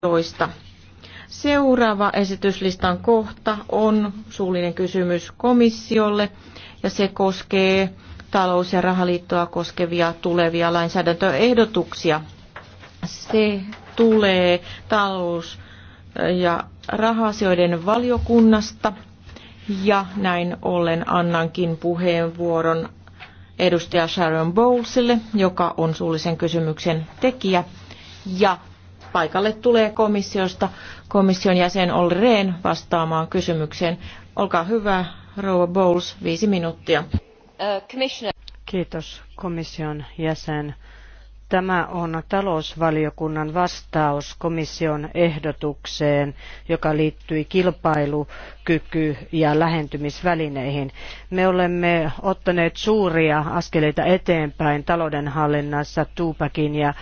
toista. Seuraava esityslistan kohta on suullinen kysymys komissiolle ja se koskee talous- ja rahaliittoa koskevia tulevia lainsäädäntöehdotuksia. Se tulee talous- ja rahasioiden valiokunnasta ja näin ollen annankin puheenvuoron edustaja Sharon Bowlesille, joka on suullisen kysymyksen tekijä ja paikalle tulee komissiosta komission jäsen Olli Rehn vastaamaan kysymykseen. Olkaa hyvä, rouva Bowles, viisi minuuttia. Kiitos komission jäsen. Tämä on talousvaliokunnan vastaus komission ehdotukseen, joka liittyi kilpailu- kyky ja lähentymisvälineihin. Me olemme ottaneet suuria askeleita eteenpäin taloudenhallinnassa Tupakin ja äh,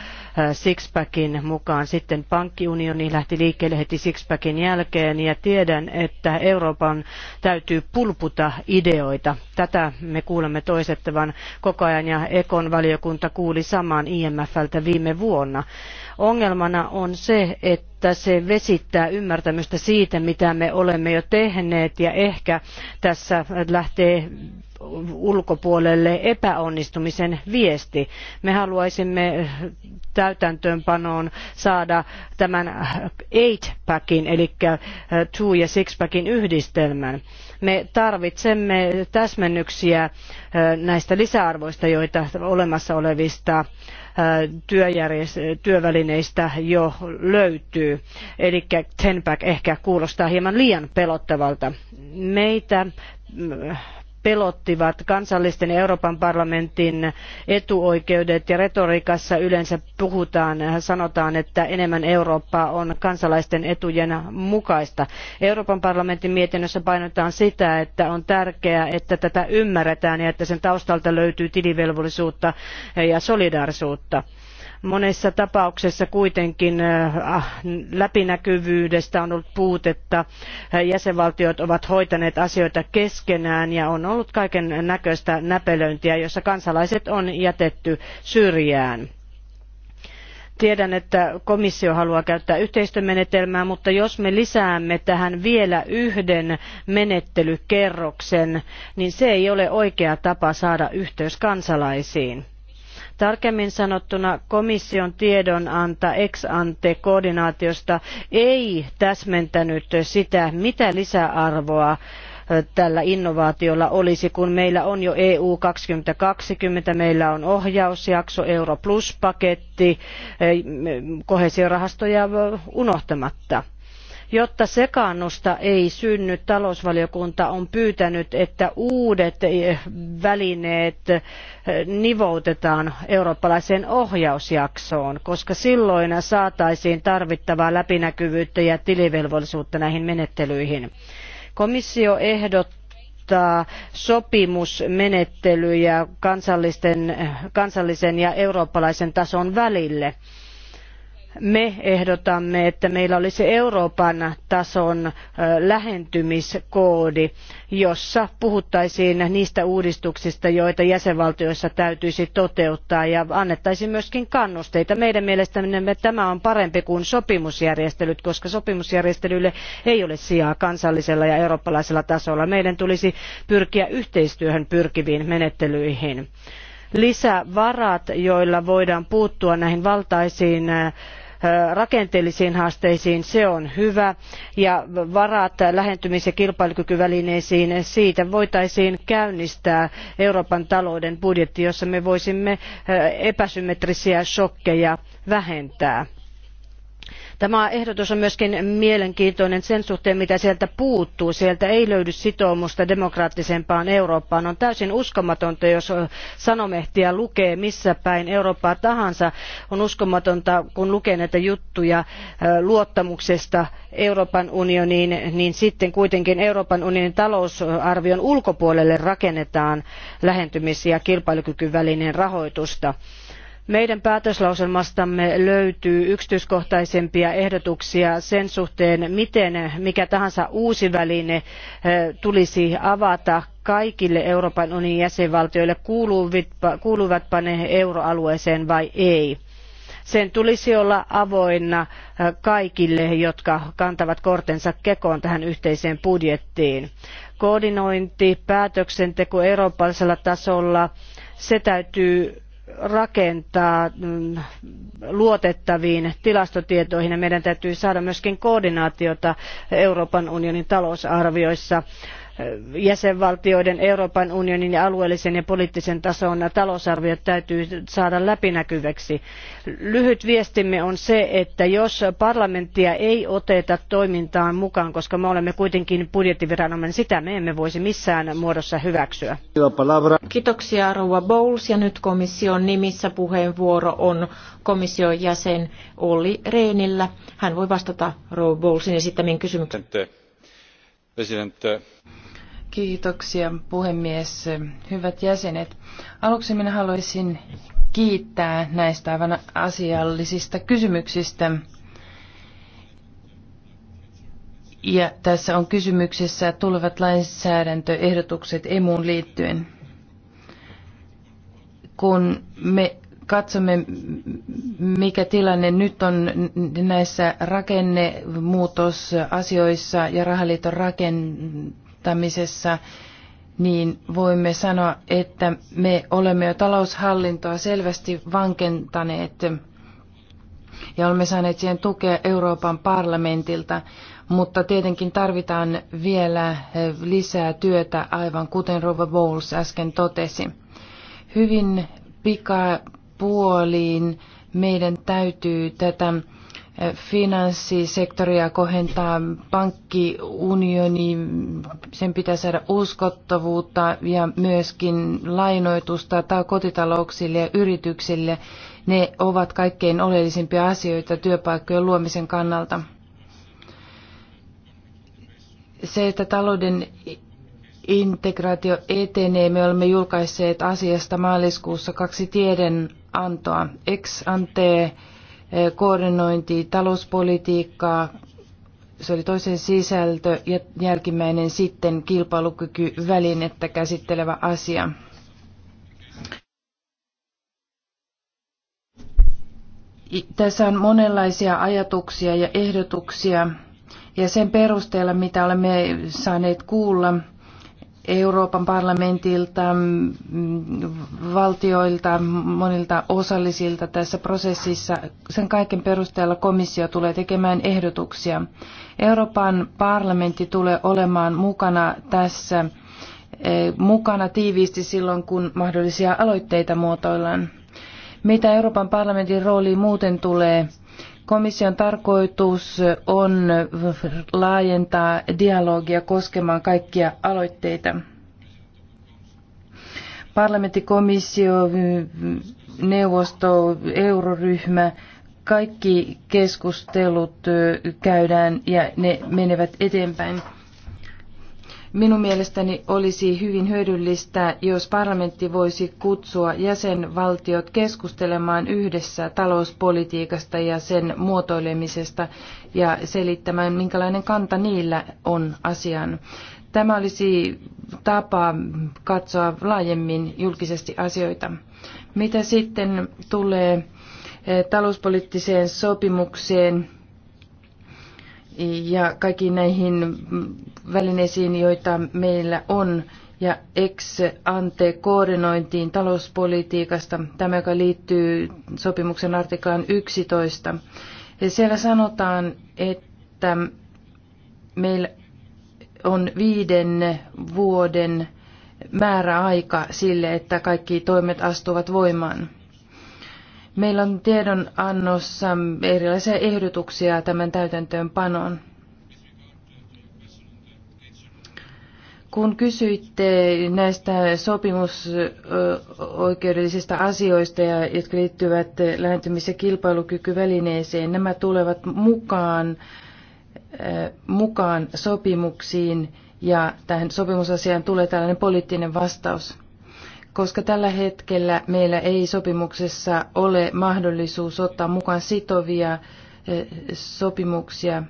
Sixpackin mukaan. Sitten pankkiunioni lähti liikkeelle heti Sixpackin jälkeen ja tiedän, että Euroopan täytyy pulputa ideoita. Tätä me kuulemme toisettavan koko ajan ja Ekon valiokunta kuuli saman IMFltä viime vuonna. Ongelmana on se, että se vesittää ymmärtämystä siitä, mitä me olemme jo tehneet ja ehkä tässä lähtee ulkopuolelle epäonnistumisen viesti. Me haluaisimme täytäntöönpanoon saada tämän eight packin eli two ja six packin yhdistelmän. Me tarvitsemme täsmennyksiä näistä lisäarvoista, joita olemassa olevista työvälineistä jo löytyy. Eli Tenpack ehkä kuulostaa hieman liian pelottavalta. Meitä pelottivat kansallisten ja Euroopan parlamentin etuoikeudet ja retoriikassa yleensä puhutaan, sanotaan, että enemmän Eurooppaa on kansalaisten etujen mukaista. Euroopan parlamentin mietinnössä painotetaan sitä, että on tärkeää, että tätä ymmärretään ja että sen taustalta löytyy tilivelvollisuutta ja solidaarisuutta. Monessa tapauksessa kuitenkin äh, ah, läpinäkyvyydestä on ollut puutetta. Äh, jäsenvaltiot ovat hoitaneet asioita keskenään ja on ollut kaiken näpelöintiä, jossa kansalaiset on jätetty syrjään. Tiedän, että komissio haluaa käyttää yhteistyömenetelmää, mutta jos me lisäämme tähän vielä yhden menettelykerroksen, niin se ei ole oikea tapa saada yhteys kansalaisiin. Tarkemmin sanottuna komission tiedonanta ex ante koordinaatiosta ei täsmentänyt sitä, mitä lisäarvoa tällä innovaatiolla olisi, kun meillä on jo EU 2020, meillä on ohjausjakso, Euro Plus-paketti, kohesiorahastoja unohtamatta. Jotta sekaannusta ei synny, talousvaliokunta on pyytänyt, että uudet eh, välineet eh, nivoutetaan eurooppalaiseen ohjausjaksoon, koska silloin saataisiin tarvittavaa läpinäkyvyyttä ja tilivelvollisuutta näihin menettelyihin. Komissio ehdottaa sopimusmenettelyjä eh, kansallisen ja eurooppalaisen tason välille me ehdotamme, että meillä olisi Euroopan tason lähentymiskoodi, jossa puhuttaisiin niistä uudistuksista, joita jäsenvaltioissa täytyisi toteuttaa ja annettaisiin myöskin kannusteita. Meidän mielestämme tämä on parempi kuin sopimusjärjestelyt, koska sopimusjärjestelylle ei ole sijaa kansallisella ja eurooppalaisella tasolla. Meidän tulisi pyrkiä yhteistyöhön pyrkiviin menettelyihin lisävarat joilla voidaan puuttua näihin valtaisiin rakenteellisiin haasteisiin se on hyvä ja varat lähentymis ja kilpailukykyvälineisiin siitä voitaisiin käynnistää euroopan talouden budjetti jossa me voisimme epäsymmetrisiä sokkeja vähentää tämä ehdotus on myös mielenkiintoinen sen suhteen mitä sieltä puuttuu. sieltä ei löydy sitoumusta demokraattisempaan eurooppaan. on täysin uskomatonta jos sanomehtiä lukee missä päin eurooppaa tahansa on uskomatonta kun lukee näitä juttuja luottamuksesta euroopan unioniin niin sitten kuitenkin euroopan unionin talousarvion ulkopuolelle rakennetaan lähentymis ja kilpailukykyvälineen rahoitusta. Meidän päätöslauselmastamme löytyy yksityiskohtaisempia ehdotuksia sen suhteen, miten mikä tahansa uusi väline eh, tulisi avata kaikille Euroopan unionin jäsenvaltioille, kuuluvatpa ne euroalueeseen vai ei sen tulisi olla avoinna eh, kaikille, jotka kantavat kortensa kekoon tähän yhteiseen budjettiin. Koordinointi, päätöksenteko eurooppalaisella tasolla, se täytyy rakentaa mm, luotettaviin tilastotietoihin ja meidän täytyy saada myöskin koordinaatiota Euroopan unionin talousarvioissa jäsenvaltioiden, Euroopan unionin ja alueellisen ja poliittisen tason talousarviot täytyy saada läpinäkyväksi. Lyhyt viestimme on se, että jos parlamenttia ei oteta toimintaan mukaan, koska me olemme kuitenkin budjettiviranomainen, sitä me emme voisi missään muodossa hyväksyä. Kiitoksia Rouva Bowles ja nyt komission nimissä puheenvuoro on komission jäsen Olli Rehnillä. Hän voi vastata Rouva Bowlesin esittämiin kysymyksiin. President, Kiitoksia puhemies. Hyvät jäsenet, aluksi minä haluaisin kiittää näistä aivan asiallisista kysymyksistä. Ja tässä on kysymyksessä tulevat lainsäädäntöehdotukset emuun liittyen. Kun me katsomme, mikä tilanne nyt on näissä rakennemuutosasioissa ja rahaliiton rakenteessa, johtamisessa, niin voimme sanoa, että me olemme jo taloushallintoa selvästi vankentaneet ja olemme saaneet siihen tukea Euroopan parlamentilta, mutta tietenkin tarvitaan vielä lisää työtä, aivan kuten Rova Bowles äsken totesi. Hyvin pikapuoliin meidän täytyy tätä finanssisektoria kohentaa pankkiunioni, sen pitää saada uskottavuutta ja myöskin lainoitusta tai kotitalouksille ja yrityksille. Ne ovat kaikkein oleellisimpia asioita työpaikkojen luomisen kannalta. Se, että talouden integraatio etenee. Me olemme julkaisseet asiasta maaliskuussa kaksi tiedenantoa. Ex ante koordinointi, talouspolitiikkaa, se oli toisen sisältö ja jälkimmäinen sitten kilpailukykyvälinettä käsittelevä asia. Tässä on monenlaisia ajatuksia ja ehdotuksia ja sen perusteella, mitä olemme saaneet kuulla, Euroopan parlamentilta, mm, valtioilta, monilta osallisilta tässä prosessissa. Sen kaiken perusteella komissio tulee tekemään ehdotuksia. Euroopan parlamentti tulee olemaan mukana tässä eh, mukana tiiviisti silloin, kun mahdollisia aloitteita muotoillaan. Mitä Euroopan parlamentin rooliin muuten tulee, Komission tarkoitus on laajentaa dialogia koskemaan kaikkia aloitteita. Parlamentti, komissio, neuvosto, euroryhmä, kaikki keskustelut käydään ja ne menevät eteenpäin. Minun mielestäni olisi hyvin hyödyllistä, jos parlamentti voisi kutsua jäsenvaltiot keskustelemaan yhdessä talouspolitiikasta ja sen muotoilemisesta ja selittämään, minkälainen kanta niillä on asiaan. Tämä olisi tapa katsoa laajemmin julkisesti asioita. Mitä sitten tulee eh, talouspoliittiseen sopimukseen, ja kaikkiin näihin välineisiin, joita meillä on, ja ex ante koordinointiin talouspolitiikasta, tämä joka liittyy sopimuksen artiklaan 11. Ja siellä sanotaan, että meillä on viiden vuoden määräaika sille, että kaikki toimet astuvat voimaan. Meillä on tiedonannossa erilaisia ehdotuksia tämän täytäntöönpanoon. Kun kysyitte näistä sopimusoikeudellisista asioista, jotka liittyvät lähentymis- ja kilpailukykyvälineeseen, nämä tulevat mukaan, äh, mukaan sopimuksiin ja tähän sopimusasiaan tulee tällainen poliittinen vastaus koska tällä hetkellä meillä ei sopimuksessa ole mahdollisuus ottaa mukaan sitovia eh, sopimuksia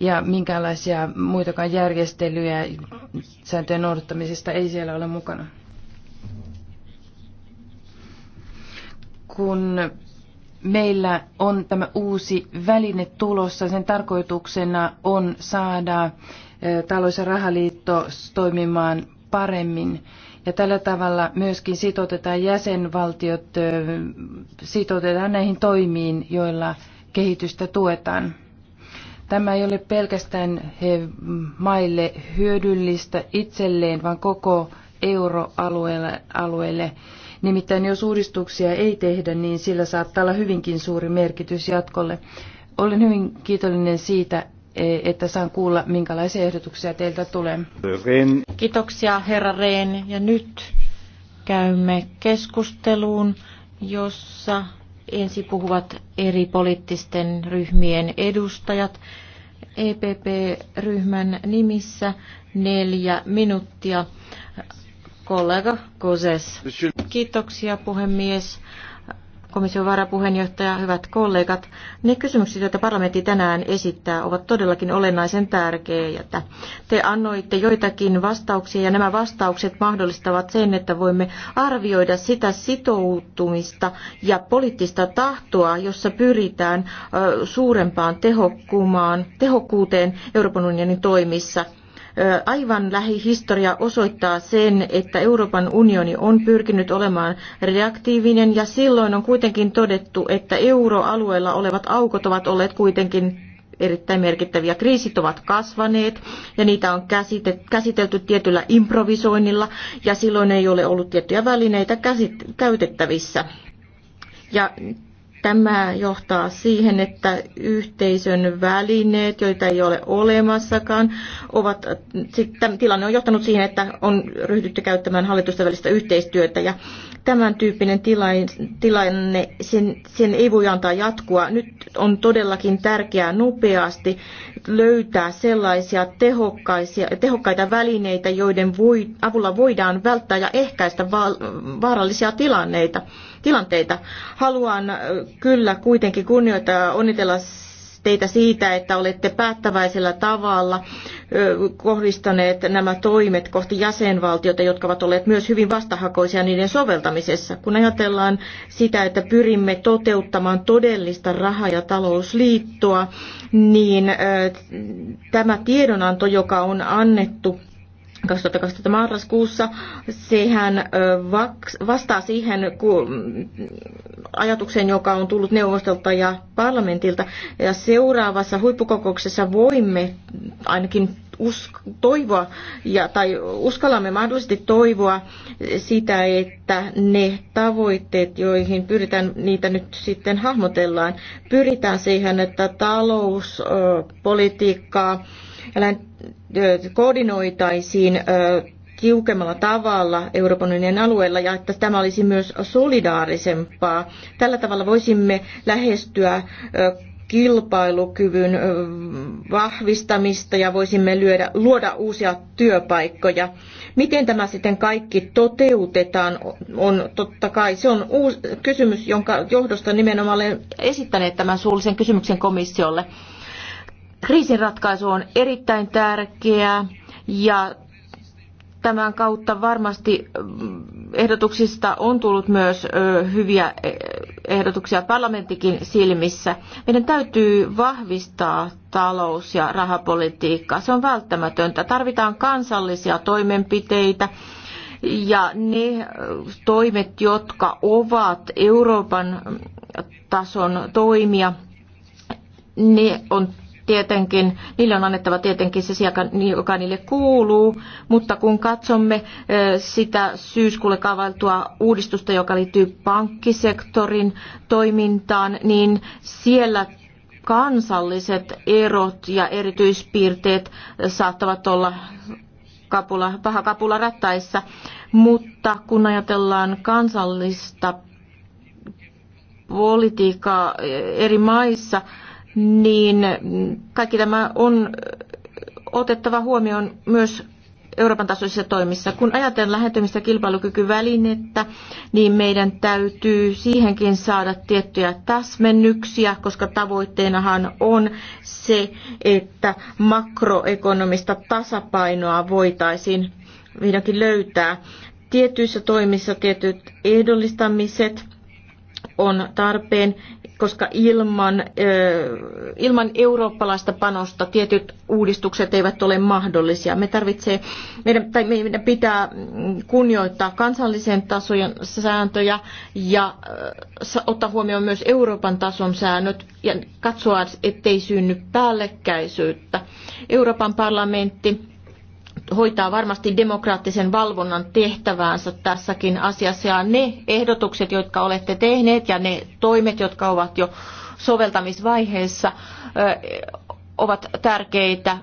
ja minkäänlaisia muitakaan järjestelyjä sääntöjen noudattamisesta ei siellä ole mukana. Kun meillä on tämä uusi väline tulossa, sen tarkoituksena on saada talous- ja rahaliitto toimimaan paremmin. Ja tällä tavalla myöskin sitoutetaan jäsenvaltiot, sitoutetaan näihin toimiin, joilla kehitystä tuetaan. Tämä ei ole pelkästään he maille hyödyllistä itselleen, vaan koko euroalueelle. Nimittäin jos uudistuksia ei tehdä, niin sillä saattaa olla hyvinkin suuri merkitys jatkolle. Olen hyvin kiitollinen siitä, että saan kuulla, minkälaisia ehdotuksia teiltä tulee. Rehn. Kiitoksia, herra Rehn. Ja nyt käymme keskusteluun, jossa ensi puhuvat eri poliittisten ryhmien edustajat. EPP-ryhmän nimissä neljä minuuttia. Kollega Koses. Kiitoksia puhemies komission varapuheenjohtaja, hyvät kollegat. Ne kysymykset, joita parlamentti tänään esittää, ovat todellakin olennaisen tärkeitä. Te annoitte joitakin vastauksia ja nämä vastaukset mahdollistavat sen, että voimme arvioida sitä sitoutumista ja poliittista tahtoa, jossa pyritään suurempaan tehokkuuteen Euroopan unionin toimissa – Aivan lähihistoria osoittaa sen, että Euroopan unioni on pyrkinyt olemaan reaktiivinen ja silloin on kuitenkin todettu, että euroalueella olevat aukot ovat olleet kuitenkin erittäin merkittäviä. Kriisit ovat kasvaneet ja niitä on käsitelty tietyllä improvisoinnilla ja silloin ei ole ollut tiettyjä välineitä käytettävissä. Ja Tämä johtaa siihen, että yhteisön välineet, joita ei ole olemassakaan, ovat, sitten tilanne on johtanut siihen, että on ryhdytty käyttämään hallitusten välistä yhteistyötä ja tämän tyyppinen tilanne, sen, sen ei voi antaa jatkua. Nyt on todellakin tärkeää nopeasti löytää sellaisia tehokkaita välineitä, joiden voi, avulla voidaan välttää ja ehkäistä vaarallisia tilanneita tilanteita. Haluan kyllä kuitenkin kunnioittaa ja onnitella teitä siitä, että olette päättäväisellä tavalla kohdistaneet nämä toimet kohti jäsenvaltioita, jotka ovat olleet myös hyvin vastahakoisia niiden soveltamisessa. Kun ajatellaan sitä, että pyrimme toteuttamaan todellista raha- ja talousliittoa, niin tämä tiedonanto, joka on annettu 2012 marraskuussa. Sehän vastaa siihen ajatukseen, joka on tullut neuvostolta ja parlamentilta. Ja seuraavassa huippukokouksessa voimme ainakin usk- toivoa ja, tai uskallamme mahdollisesti toivoa sitä, että ne tavoitteet, joihin pyritään, niitä nyt sitten hahmotellaan, pyritään siihen, että talouspolitiikkaa koordinoitaisiin tiukemmalla tavalla Euroopan unionin alueella ja että tämä olisi myös solidaarisempaa. Tällä tavalla voisimme lähestyä kilpailukyvyn vahvistamista ja voisimme lyödä, luoda uusia työpaikkoja. Miten tämä sitten kaikki toteutetaan, on totta kai se on uusi kysymys, jonka johdosta nimenomaan olen esittänyt tämän suullisen kysymyksen komissiolle. Kriisinratkaisu on erittäin tärkeää ja tämän kautta varmasti mm, ehdotuksista on tullut myös hyviä e, ehdotuksia parlamenttikin silmissä. Meidän täytyy vahvistaa talous- ja rahapolitiikkaa. Se on välttämätöntä. Tarvitaan kansallisia toimenpiteitä ja ne toimet, jotka ovat Euroopan tason toimia, ne on tietenkin, niille on annettava tietenkin se sija, joka niille kuuluu, mutta kun katsomme sitä syyskuulle kaavailtua uudistusta, joka liittyy pankkisektorin toimintaan, niin siellä kansalliset erot ja erityispiirteet saattavat olla kapula, paha kapula rattaissa, mutta kun ajatellaan kansallista politiikkaa eri maissa, niin kaikki tämä on otettava huomioon myös Euroopan tasoisissa toimissa. Kun ajatellaan lähentymistä kilpailukykyvälinettä, niin meidän täytyy siihenkin saada tiettyjä täsmennyksiä, koska tavoitteenahan on se, että makroekonomista tasapainoa voitaisiin vihdoinkin löytää. Tietyissä toimissa tietyt ehdollistamiset – on tarpeen, koska ilman, ilman eurooppalaista panosta tietyt uudistukset eivät ole mahdollisia. Me tarvitsee, meidän, tai meidän pitää kunnioittaa kansallisen tasojen sääntöjä ja ottaa huomioon myös Euroopan tason säännöt ja katsoa, ettei synny päällekkäisyyttä. Euroopan parlamentti hoitaa varmasti demokraattisen valvonnan tehtäväänsä tässäkin asiassa. Ja ne ehdotukset, jotka olette tehneet ja ne toimet, jotka ovat jo soveltamisvaiheessa, ovat tärkeitä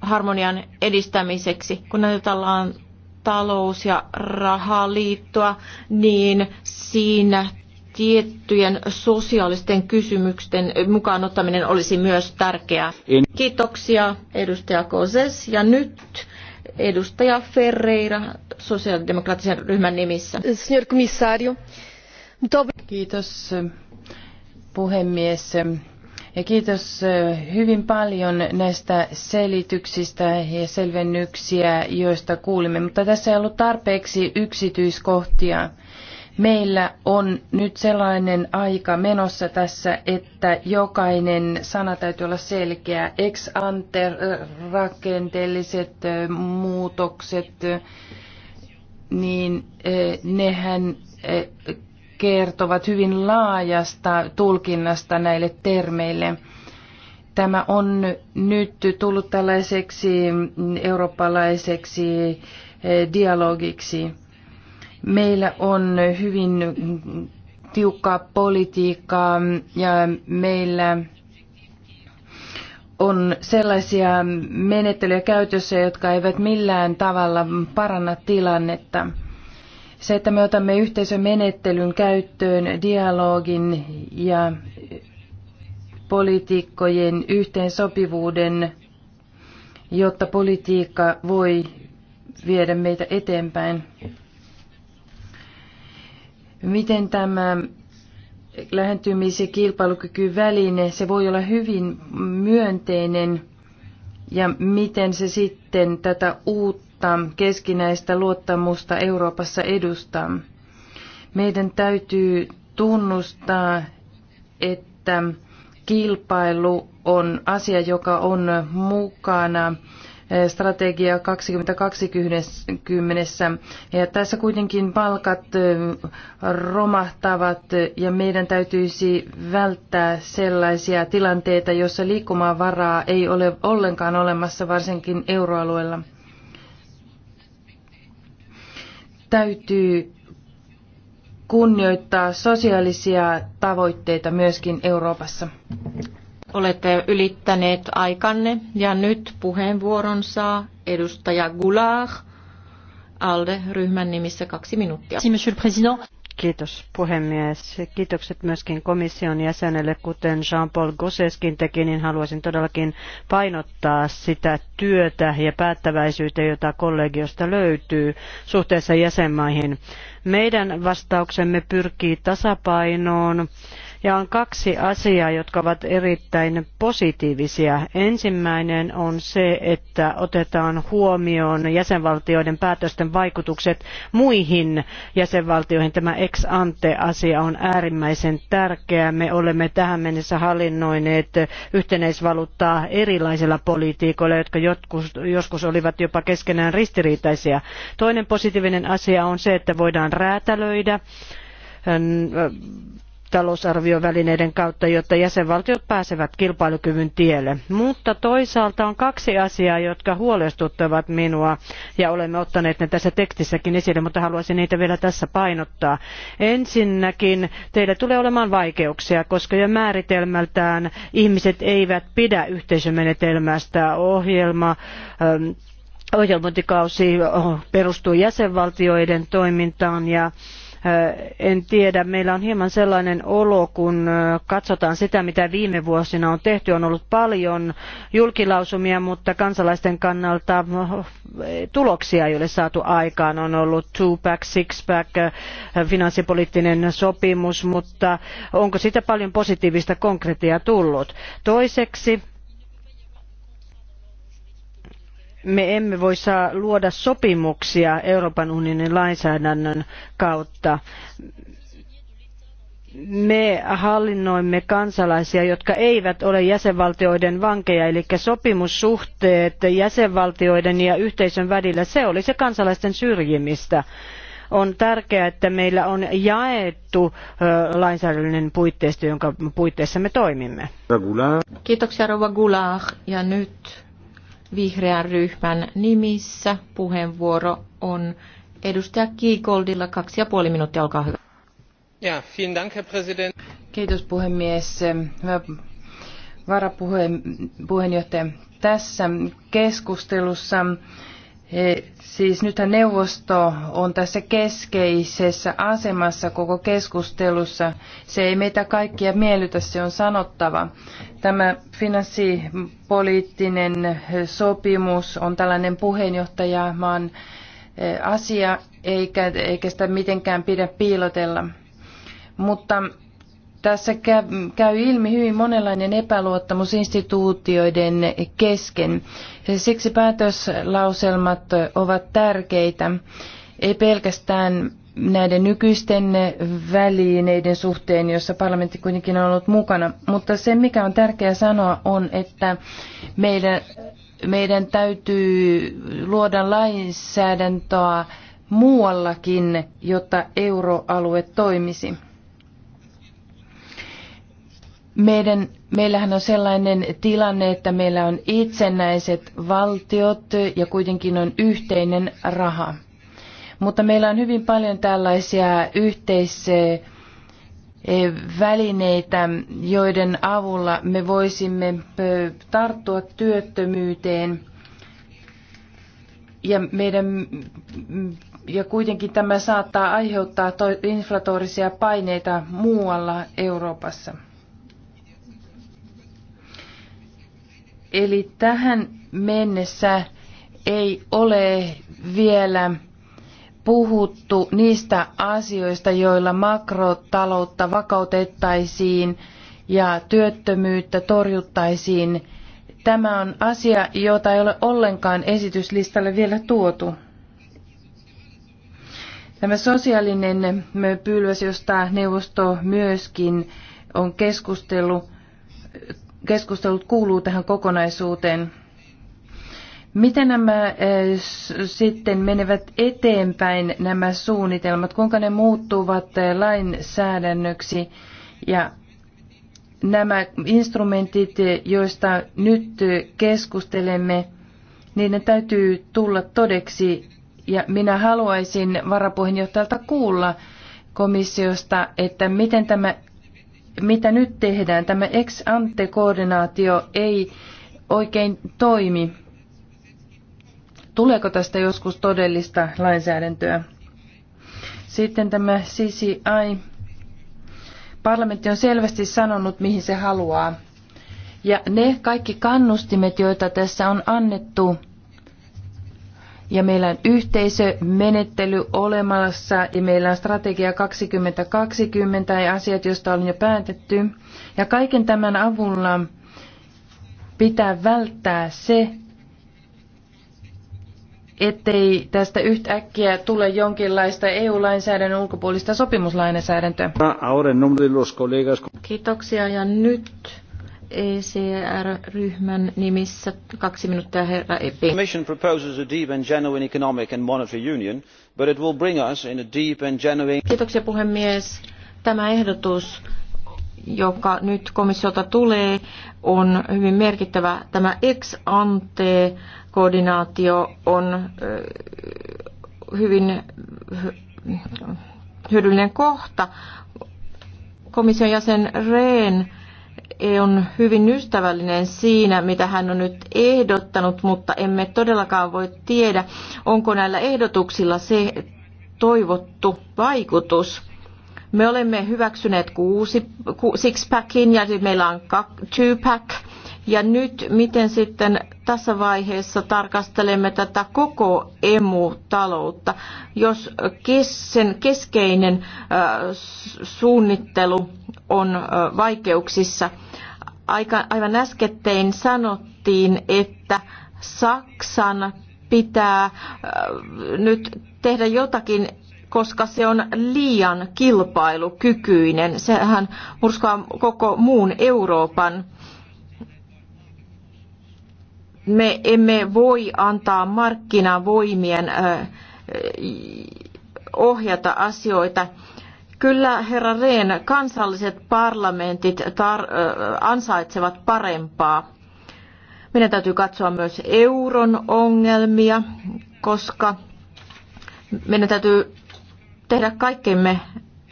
harmonian edistämiseksi. Kun ajatellaan talous- ja rahaliittoa, niin siinä tiettyjen sosiaalisten kysymysten mukaan ottaminen olisi myös tärkeää. Kiitoksia edustaja Koses ja nyt edustaja Ferreira sosiaalidemokraattisen ryhmän nimissä. Signor commissario. Kiitos puhemies. Ja kiitos eh, hyvin paljon näistä selityksistä ja selvennyksiä, joista kuulimme, mutta tässä ei ollut tarpeeksi yksityiskohtia. Meillä on nyt sellainen aika menossa tässä, että jokainen sana täytyy olla selkeä. Ex ante äh, rakenteelliset äh, muutokset, äh, niin nehän kertovat hyvin laajasta tulkinnasta näille termeille. Tämä on nyt tullut tällaiseksi eurooppalaiseksi dialogiksi Meillä on hyvin tiukkaa politiikkaa ja meillä on sellaisia menettelyjä käytössä, jotka eivät millään tavalla paranna tilannetta. Se, että me otamme yhteisömenettelyn käyttöön dialogin ja poliitikkojen yhteensopivuuden, jotta politiikka voi viedä meitä eteenpäin. Miten tämä lähentymis- ja väline, se voi olla hyvin myönteinen ja miten se sitten tätä uutta keskinäistä luottamusta Euroopassa edustaa. Meidän täytyy tunnustaa, että kilpailu on asia, joka on mukana strategia 2020. Ja tässä kuitenkin palkat romahtavat ja meidän täytyisi välttää sellaisia tilanteita, joissa liikkumavaraa ei ole ollenkaan olemassa, varsinkin euroalueella. Täytyy kunnioittaa sosiaalisia tavoitteita myöskin Euroopassa. Olette ylittäneet aikanne ja nyt puheenvuoron saa edustaja Goulard ALDE-ryhmän nimissä kaksi minuuttia. Kiitos puhemies. Kiitokset myöskin komission jäsenelle, kuten Jean-Paul Gosseskin teki, niin haluaisin todellakin painottaa sitä työtä ja päättäväisyyttä, jota kollegiosta löytyy suhteessa jäsenmaihin. Meidän vastauksemme pyrkii tasapainoon ja on kaksi asiaa, jotka ovat erittäin positiivisia. Ensimmäinen on se, että otetaan huomioon jäsenvaltioiden päätösten vaikutukset muihin jäsenvaltioihin. Tämä ex ante asia on äärimmäisen tärkeä. Me olemme tähän mennessä hallinnoineet yhtenäisvaluuttaa erilaisilla politiikoilla, jotka jotkus, joskus olivat jopa keskenään ristiriitaisia. Toinen positiivinen asia on se, että voidaan räätälöidä talousarviovälineiden kautta, jotta jäsenvaltiot pääsevät kilpailukyvyn tielle. Mutta toisaalta on kaksi asiaa, jotka huolestuttavat minua ja olemme ottaneet ne tässä tekstissäkin esille, mutta haluaisin niitä vielä tässä painottaa. Ensinnäkin teillä tulee olemaan vaikeuksia, koska jo määritelmältään ihmiset eivät pidä yhteisömenetelmästä ohjelma ähm, ohjelmointikausi oh, perustuu jäsenvaltioiden toimintaan ja en tiedä, meillä on hieman sellainen olo, kun katsotaan sitä, mitä viime vuosina on tehty. On ollut paljon julkilausumia, mutta kansalaisten kannalta tuloksia ei ole saatu aikaan. On ollut two-pack, six-pack, finanssipoliittinen sopimus, mutta onko siitä paljon positiivista konkretiaa tullut? Toiseksi me emme voi saa luoda sopimuksia Euroopan unionin lainsäädännön kautta. Me hallinnoimme kansalaisia, jotka eivät ole jäsenvaltioiden vankeja, eli sopimussuhteet jäsenvaltioiden ja yhteisön välillä, se oli se kansalaisten syrjimistä on tärkeää, että meillä on jaettu lainsäädännöllinen puitteisto, jonka puitteissa me toimimme. Kiitoksia Rova Gulag. Ja nyt vihreän ryhmän nimissä. Puheenvuoro on edustaja Kiikoldilla. Kaksi ja puoli minuuttia, olkaa hyvä. Ja, vielen dank, Herr Präsident. Kiitos puhemies. Hyvä varapuheenjohtaja. Tässä keskustelussa Siis nythän neuvosto on tässä keskeisessä asemassa koko keskustelussa. Se ei meitä kaikkia miellytä, se on sanottava. Tämä finanssipoliittinen sopimus on tällainen puheenjohtajamaan e, asia, eikä, eikä sitä mitenkään pidä piilotella. Mutta tässä käy ilmi hyvin monenlainen epäluottamus instituutioiden kesken. Siksi päätöslauselmat ovat tärkeitä, ei pelkästään näiden nykyisten välineiden suhteen, jossa parlamentti kuitenkin on ollut mukana. Mutta se, mikä on tärkeää sanoa, on, että meidän, meidän täytyy luoda lainsäädäntöä muuallakin, jotta euroalue toimisi. Meidän, meillähän on sellainen tilanne, että meillä on itsenäiset valtiot ja kuitenkin on yhteinen raha. Mutta meillä on hyvin paljon tällaisia yhteisvälineitä, eh, joiden avulla me voisimme eh, tarttua työttömyyteen. Ja, meidän, mm, ja kuitenkin tämä saattaa aiheuttaa inflatorisia paineita muualla Euroopassa. Eli tähän mennessä ei ole vielä puhuttu niistä asioista, joilla makrotaloutta vakautettaisiin ja työttömyyttä torjuttaisiin. Tämä on asia, jota ei ole ollenkaan esityslistalle vielä tuotu. Tämä sosiaalinen pylväs, josta neuvosto myöskin on keskustellut, keskustelut kuuluu tähän kokonaisuuteen. Miten nämä eh, sitten menevät eteenpäin nämä suunnitelmat? Kuinka ne muuttuvat eh, lainsäädännöksi? Ja nämä instrumentit, eh, joista nyt keskustelemme, niin ne täytyy tulla todeksi. Ja minä haluaisin varapuheenjohtajalta kuulla komissiosta, että miten tämä, mitä nyt tehdään, tämä ex ante koordinaatio ei oikein toimi. Tuleeko tästä joskus todellista lainsäädäntöä? Sitten tämä CCI. Parlamentti on selvästi sanonut, mihin se haluaa. Ja ne kaikki kannustimet, joita tässä on annettu, ja meillä on yhteisömenettely olemassa ja meillä on strategia 2020 ja asiat, joista on jo päätetty. Ja kaiken tämän avulla pitää välttää se, ettei tästä yhtäkkiä tule jonkinlaista EU-lainsäädännön ulkopuolista sopimuslainsäädäntöä. Kiitoksia ja nyt ECR-ryhmän nimissä kaksi minuuttia herra Epi. Commission proposes a deep and genuine economic and monetary union, but it will bring us in a deep and genuine... Kiitoksia puhemies. Tämä ehdotus joka nyt komissiolta tulee, on hyvin merkittävä. Tämä ex ante koordinaatio on hyvin hyödyllinen kohta. Komission jäsen Rehn on hyvin ystävällinen siinä, mitä hän on nyt ehdottanut, mutta emme todellakaan voi tiedä, onko näillä ehdotuksilla se toivottu vaikutus me olemme hyväksyneet kuusi, ku, six-packin ja meillä on two-pack. Ja nyt miten sitten tässä vaiheessa tarkastelemme tätä koko emu-taloutta, jos sen keskeinen suunnittelu on vaikeuksissa. Aika, aivan äskettein sanottiin, että Saksan pitää nyt tehdä jotakin koska se on liian kilpailukykyinen. Sehän murskaa koko muun Euroopan. Me emme voi antaa markkinavoimien ohjata asioita. Kyllä, herra Rehn, kansalliset parlamentit ansaitsevat parempaa. Meidän täytyy katsoa myös euron ongelmia, koska meidän täytyy tehdä kaikkemme,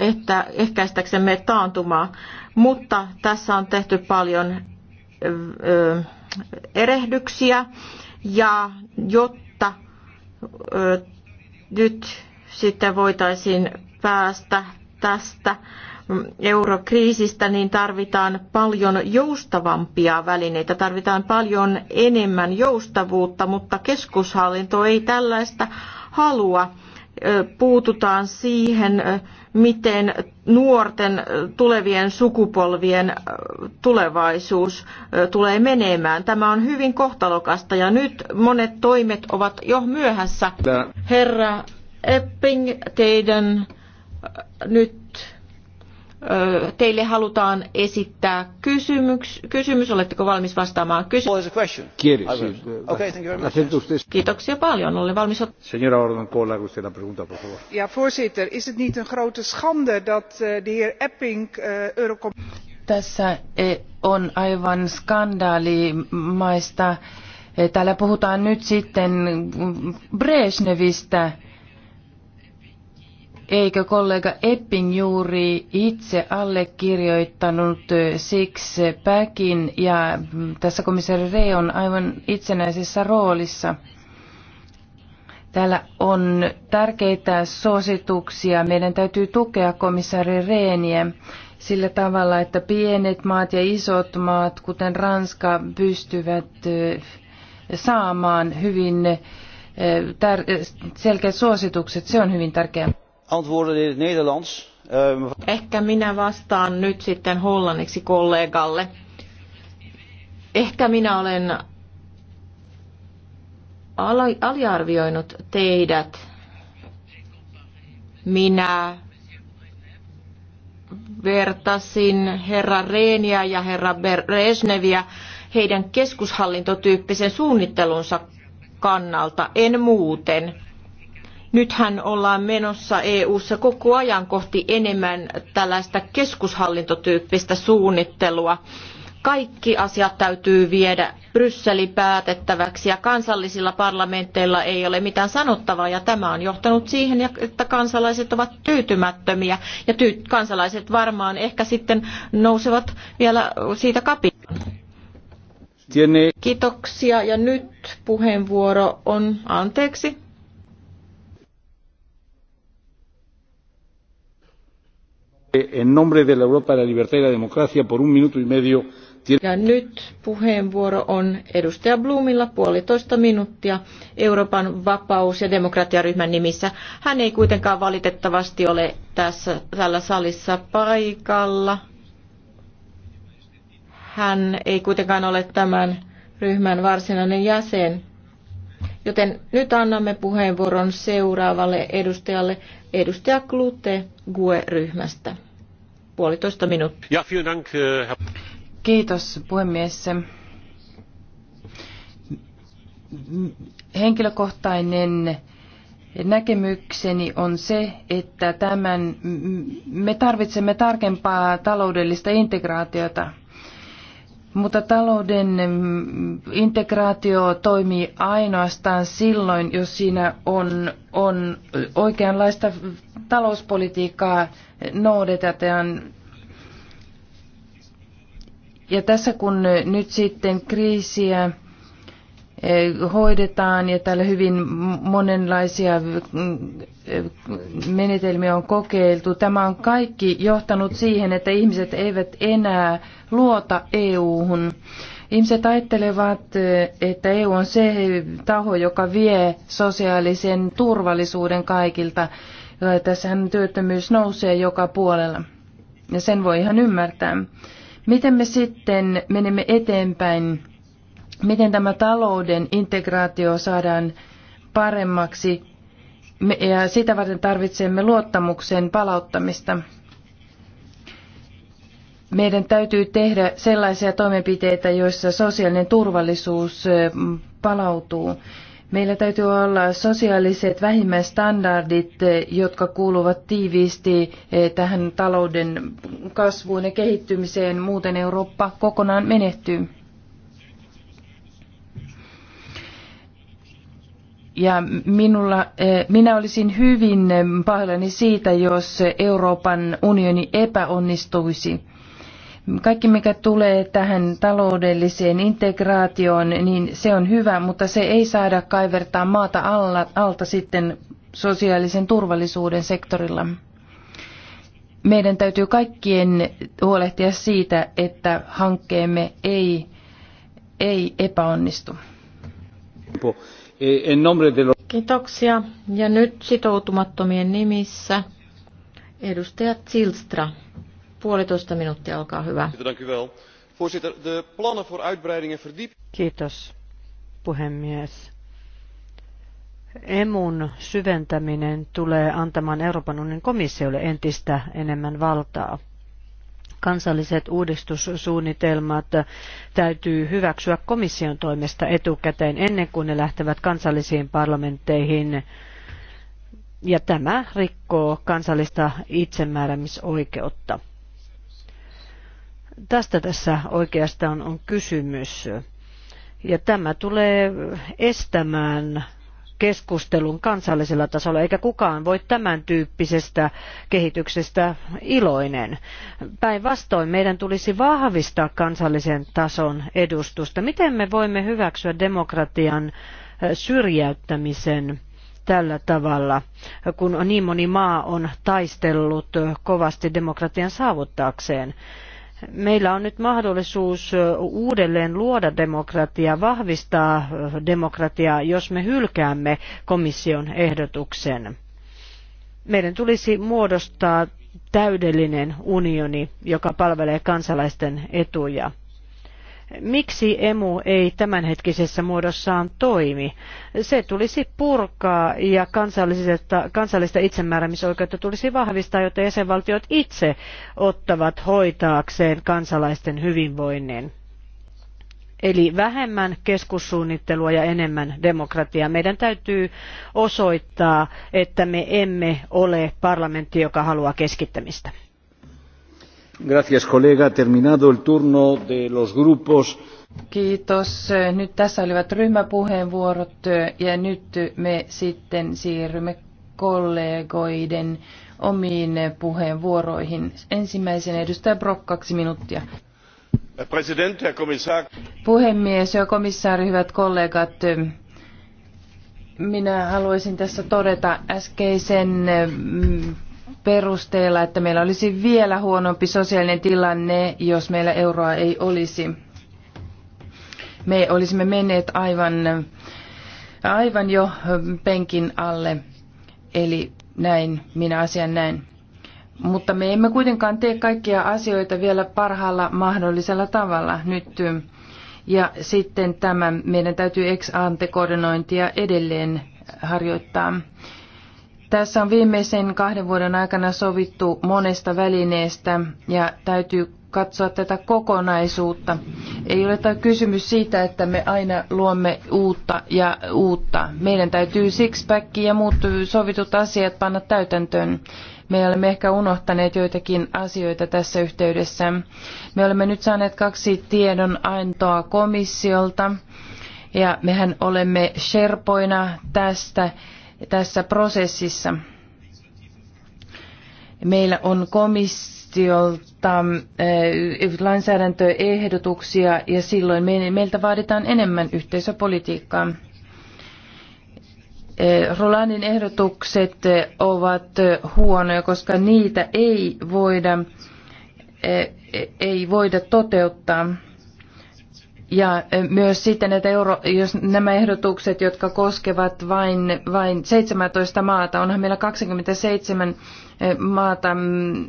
että ehkäistäksemme taantumaa, mutta tässä on tehty paljon erehdyksiä ja jotta nyt sitten voitaisiin päästä tästä eurokriisistä, niin tarvitaan paljon joustavampia välineitä, tarvitaan paljon enemmän joustavuutta, mutta keskushallinto ei tällaista halua puututaan siihen, miten nuorten tulevien sukupolvien tulevaisuus tulee menemään. Tämä on hyvin kohtalokasta ja nyt monet toimet ovat jo myöhässä. Herra Epping, teidän nyt Teille halutaan esittää kysymys. kysymys. Oletteko valmis vastaamaan kysymykseen? Kiitoksia paljon. Olen valmis Señora Ordon, kolla, Ja, voorzitter, is het niet een grote schande dat eh, de heer Epping eh, Tässä eh, on aivan skandaalimaista. Täällä puhutaan nyt sitten Brezhnevistä Eikö kollega Epping juuri itse allekirjoittanut eh, siksi päkin ja mm, tässä komissaari Re on aivan itsenäisessä roolissa? Täällä on tärkeitä suosituksia. Meidän täytyy tukea komissaari Reeniä sillä tavalla, että pienet maat ja isot maat, kuten Ranska, pystyvät eh, saamaan hyvin eh, selkeät suositukset. Se on hyvin tärkeää. Eh, Ehkä minä vastaan nyt sitten hollanniksi kollegalle. Ehkä minä olen aliarvioinut teidät. Minä vertasin herra Reeniä ja herra Resneviä heidän keskushallintotyyppisen suunnittelunsa kannalta, en muuten Nythän ollaan menossa EU:ssa koko ajan kohti enemmän tällaista keskushallintotyyppistä suunnittelua. Kaikki asiat täytyy viedä Brysselin päätettäväksi ja kansallisilla parlamenteilla ei ole mitään sanottavaa ja tämä on johtanut siihen, että kansalaiset ovat tyytymättömiä ja tyy- kansalaiset varmaan ehkä sitten nousevat vielä siitä kapinaan. Kiitoksia ja nyt puheenvuoro on, anteeksi, En nombre de la Europa, la libertad y la democracia por un minuto y medio. Ja nyt puheenvuoro on edustaja Blumilla puolitoista minuuttia Euroopan vapaus- ja demokratiaryhmän nimissä. Hän ei kuitenkaan valitettavasti ole tässä tällä salissa paikalla. Hän ei kuitenkaan ole tämän ryhmän varsinainen jäsen. Joten nyt annamme puheenvuoron seuraavalle edustajalle Edustaja Klute GUE-ryhmästä. Puolitoista minuuttia. Ja, äh, Kiitos puhemies. Henkilökohtainen näkemykseni on se, että tämän, me tarvitsemme tarkempaa taloudellista integraatiota – mutta talouden integraatio toimii ainoastaan silloin, jos siinä on, on oikeanlaista talouspolitiikkaa noudatetaan. Ja tässä kun nyt sitten kriisiä hoidetaan ja täällä hyvin monenlaisia menetelmiä on kokeiltu. Tämä on kaikki johtanut siihen, että ihmiset eivät enää luota EU-hun. Ihmiset ajattelevat, että EU on se taho, joka vie sosiaalisen turvallisuuden kaikilta. Tässähän työttömyys nousee joka puolella. Ja sen voi ihan ymmärtää. Miten me sitten menemme eteenpäin miten tämä talouden integraatio saadaan paremmaksi ja sitä varten tarvitsemme luottamuksen palauttamista. Meidän täytyy tehdä sellaisia toimenpiteitä, joissa sosiaalinen turvallisuus palautuu. Meillä täytyy olla sosiaaliset vähimmäistandardit, jotka kuuluvat tiiviisti tähän talouden kasvuun ja kehittymiseen. Muuten Eurooppa kokonaan menehtyy. Ja minulla, eh, minä olisin hyvin eh, pahoillani siitä, jos Euroopan unioni epäonnistuisi. Kaikki, mikä tulee tähän taloudelliseen integraatioon, niin se on hyvä, mutta se ei saada kaivertaa maata alla, alta sitten sosiaalisen turvallisuuden sektorilla. Meidän täytyy kaikkien huolehtia siitä, että hankkeemme ei, ei epäonnistu. Kiitoksia. Ja nyt sitoutumattomien nimissä edustaja Zilstra. Puolitoista minuuttia, olkaa hyvä. Kiitos, puhemies. Emun syventäminen tulee antamaan Euroopan unionin komissiolle entistä enemmän valtaa kansalliset uudistussuunnitelmat täytyy hyväksyä komission toimesta etukäteen ennen kuin ne lähtevät kansallisiin parlamentteihin. Ja tämä rikkoo kansallista itsemääräämisoikeutta. Tästä tässä oikeastaan on kysymys. Ja tämä tulee estämään keskustelun kansallisella tasolla, eikä kukaan voi tämän tyyppisestä kehityksestä iloinen. Päinvastoin meidän tulisi vahvistaa kansallisen tason edustusta. Miten me voimme hyväksyä demokratian syrjäyttämisen tällä tavalla, kun niin moni maa on taistellut kovasti demokratian saavuttaakseen? Meillä on nyt mahdollisuus uudelleen luoda demokratiaa, vahvistaa demokratiaa, jos me hylkäämme komission ehdotuksen. Meidän tulisi muodostaa täydellinen unioni, joka palvelee kansalaisten etuja. Miksi emu ei tämänhetkisessä muodossaan toimi? Se tulisi purkaa ja kansallista, itsemääräämisoikeutta tulisi vahvistaa, jotta jäsenvaltiot itse ottavat hoitaakseen kansalaisten hyvinvoinnin. Eli vähemmän keskussuunnittelua ja enemmän demokratiaa. Meidän täytyy osoittaa, että me emme ole parlamentti, joka haluaa keskittämistä. Kiitos. Nyt tässä olivat ryhmäpuheenvuorot ja nyt me sitten siirrymme kollegoiden omiin puheenvuoroihin. Ensimmäisen edustaja Brock, kaksi minuuttia. President, Herr Puhemies ja komissaari, hyvät kollegat. Minä haluaisin tässä todeta äskeisen perusteella, että meillä olisi vielä huonompi sosiaalinen tilanne, jos meillä euroa ei olisi. Me olisimme menneet aivan, aivan jo penkin alle. Eli näin, minä asian näin. Mutta me emme kuitenkaan tee kaikkia asioita vielä parhaalla mahdollisella tavalla nyt. Ja sitten tämä, meidän täytyy ex ante koordinointia edelleen harjoittaa. Tässä on viimeisen kahden vuoden aikana sovittu monesta välineestä ja täytyy katsoa tätä kokonaisuutta. Ei ole tämä kysymys siitä, että me aina luomme uutta ja uutta. Meidän täytyy sixpack ja muut sovitut asiat panna täytäntöön. Me olemme ehkä unohtaneet joitakin asioita tässä yhteydessä. Me olemme nyt saaneet kaksi tiedonantoa komissiolta ja mehän olemme sherpoina tästä tässä prosessissa. Meillä on komissiolta eh, lainsäädäntöehdotuksia ja silloin meiltä vaaditaan enemmän yhteisöpolitiikkaa. Eh, Rolandin ehdotukset ovat huonoja, koska niitä ei voida, eh, ei voida toteuttaa. Ja e, myös sitten, että euro, jos nämä ehdotukset, jotka koskevat vain, vain 17 maata, onhan meillä 27 e, maata,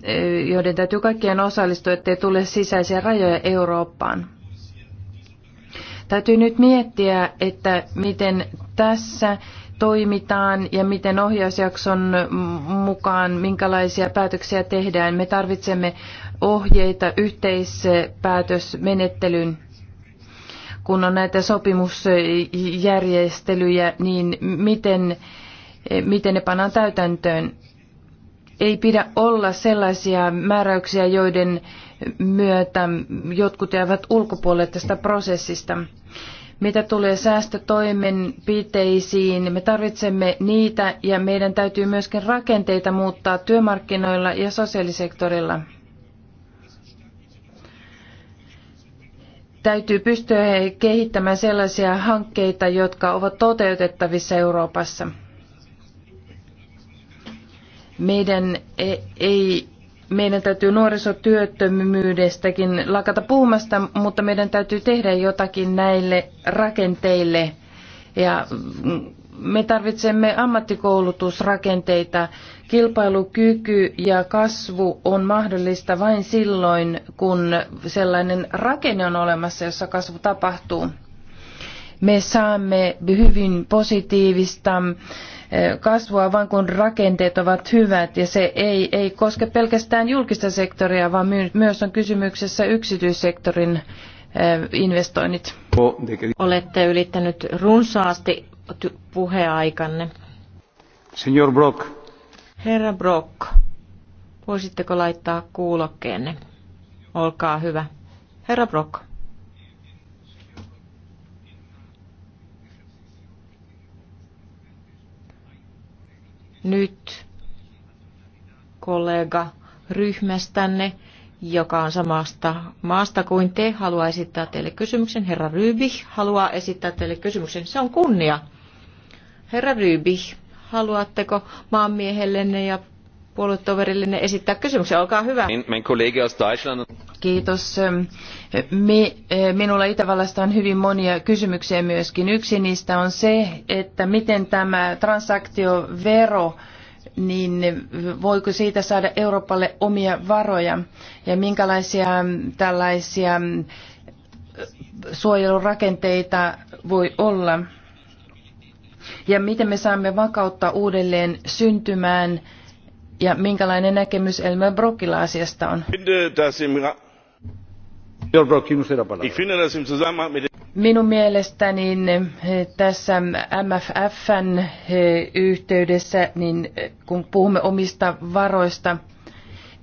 e, joiden täytyy kaikkien osallistua, ettei tule sisäisiä rajoja Eurooppaan. Täytyy nyt miettiä, että miten tässä toimitaan ja miten ohjausjakson mukaan, minkälaisia päätöksiä tehdään. Me tarvitsemme ohjeita yhteispäätösmenettelyn kun on näitä sopimusjärjestelyjä, niin miten, eh, miten ne pannaan täytäntöön. Ei pidä olla sellaisia määräyksiä, joiden myötä jotkut jäävät ulkopuolelle tästä prosessista. Mitä tulee säästötoimenpiteisiin, me tarvitsemme niitä ja meidän täytyy myöskin rakenteita muuttaa työmarkkinoilla ja sosiaalisektorilla. täytyy pystyä kehittämään sellaisia hankkeita, jotka ovat toteutettavissa Euroopassa. Meidän e- ei meidän täytyy nuorisotyöttömyydestäkin lakata puhumasta, mutta meidän täytyy tehdä jotakin näille rakenteille ja me tarvitsemme ammattikoulutusrakenteita. Kilpailukyky ja kasvu on mahdollista vain silloin, kun sellainen rakenne on olemassa, jossa kasvu tapahtuu. Me saamme hyvin positiivista eh, kasvua vain kun rakenteet ovat hyvät ja se ei, ei koske pelkästään julkista sektoria, vaan myös on kysymyksessä yksityissektorin eh, investoinnit. Olette ylittänyt runsaasti puheaikanne. Senior Brock. Herra Brock, voisitteko laittaa kuulokkeenne? Olkaa hyvä. Herra Brock. Nyt kollega ryhmästänne, joka on samasta maasta kuin te, haluaa esittää teille kysymyksen. Herra Ryby haluaa esittää teille kysymyksen. Se on kunnia. Herra Ryby, haluatteko maanmiehellenne ja puoluetoverillenne esittää kysymyksiä? Olkaa hyvä. Kiitos. Me, eh, minulla Itävallasta on hyvin monia kysymyksiä myöskin. Yksi niistä on se, että miten tämä transaktiovero niin voiko siitä saada Euroopalle omia varoja ja minkälaisia tällaisia eh, suojelurakenteita voi olla? ja miten me saamme vakautta uudelleen syntymään ja minkälainen näkemys Elmer Brockilla asiasta on. Minun mielestäni eh, tässä MFFn eh, yhteydessä, niin eh, kun puhumme omista varoista,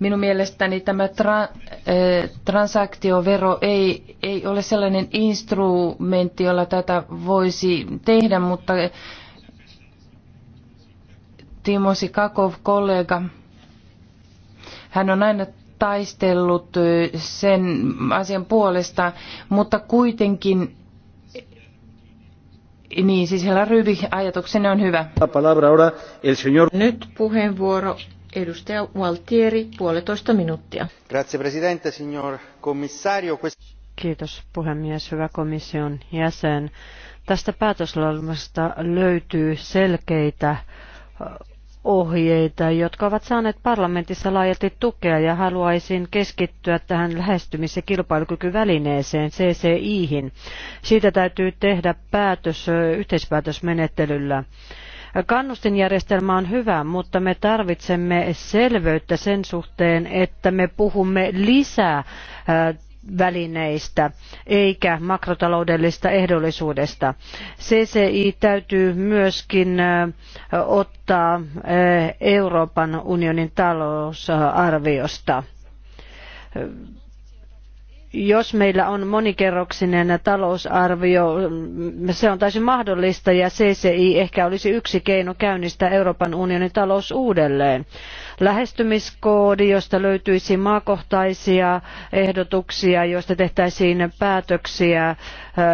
Minun mielestäni tämä tra- eh, transaktiovero ei, ei ole sellainen instrumentti, jolla tätä voisi tehdä, mutta Timosi Kakov, kollega, hän on aina taistellut eh, sen asian puolesta, mutta kuitenkin niin, siis herra Ryby, ajatuksenne on hyvä. Nyt puheenvuoro Edustaja Valtieri, puolitoista minuuttia. Grazie presidente, signor commissario. Kiitos puhemies, hyvä komission jäsen. Tästä päätöslauselmasta löytyy selkeitä ohjeita, jotka ovat saaneet parlamentissa laajalti tukea ja haluaisin keskittyä tähän lähestymis- ja kilpailukykyvälineeseen CCIhin. Siitä täytyy tehdä päätös yhteispäätösmenettelyllä. Kannustinjärjestelmä on hyvä, mutta me tarvitsemme selvyyttä sen suhteen, että me puhumme lisää äh, välineistä eikä makrotaloudellista ehdollisuudesta. CCI täytyy myöskin äh, ottaa äh, Euroopan unionin talousarviosta jos meillä on monikerroksinen talousarvio, se on täysin mahdollista ja CCI ehkä olisi yksi keino käynnistää Euroopan unionin talous uudelleen. Lähestymiskoodi, josta löytyisi maakohtaisia ehdotuksia, joista tehtäisiin päätöksiä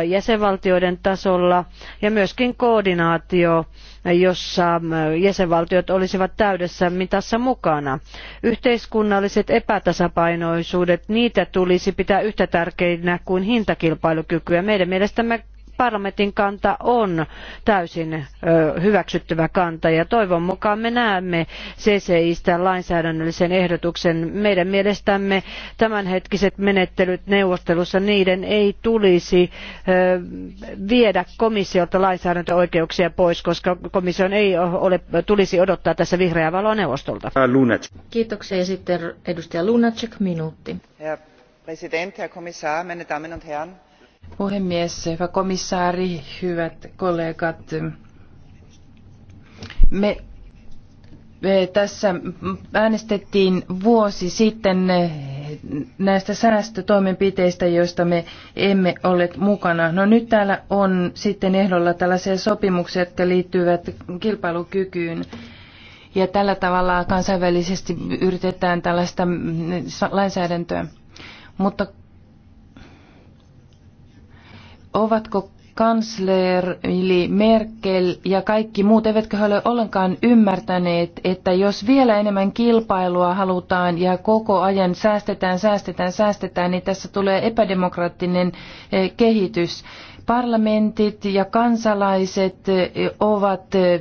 jäsenvaltioiden tasolla ja myöskin koordinaatio jossa ähm, jäsenvaltiot olisivat täydessä mitassa mukana. Yhteiskunnalliset epätasapainoisuudet, niitä tulisi pitää yhtä tärkeinä kuin hintakilpailukykyä. Meidän mielestämme parlamentin kanta on täysin hyväksyttävä kanta ja toivon mukaan me näemme CCIstä lainsäädännöllisen ehdotuksen. Meidän mielestämme tämänhetkiset menettelyt neuvostelussa niiden ei tulisi viedä komissiolta lainsäädäntöoikeuksia pois, koska komission ei ole, tulisi odottaa tässä vihreää valoa neuvostolta. Kiitoksia ja sitten edustaja Lunacek minuutti. Herr Präsident, Herr Kommissar, meine Damen und Herren! Puhemies, hyvä komissaari, hyvät kollegat. Me tässä äänestettiin vuosi sitten näistä säästötoimenpiteistä, joista me emme ole mukana. No nyt täällä on sitten ehdolla tällaisia sopimuksia, jotka liittyvät kilpailukykyyn. Ja tällä tavalla kansainvälisesti yritetään tällaista lainsäädäntöä. Mutta Ovatko kansleri Merkel ja kaikki muut, eivätkö he ole ollenkaan ymmärtäneet, että jos vielä enemmän kilpailua halutaan ja koko ajan säästetään, säästetään, säästetään, niin tässä tulee epädemokraattinen eh, kehitys. Parlamentit ja kansalaiset eh, ovat eh,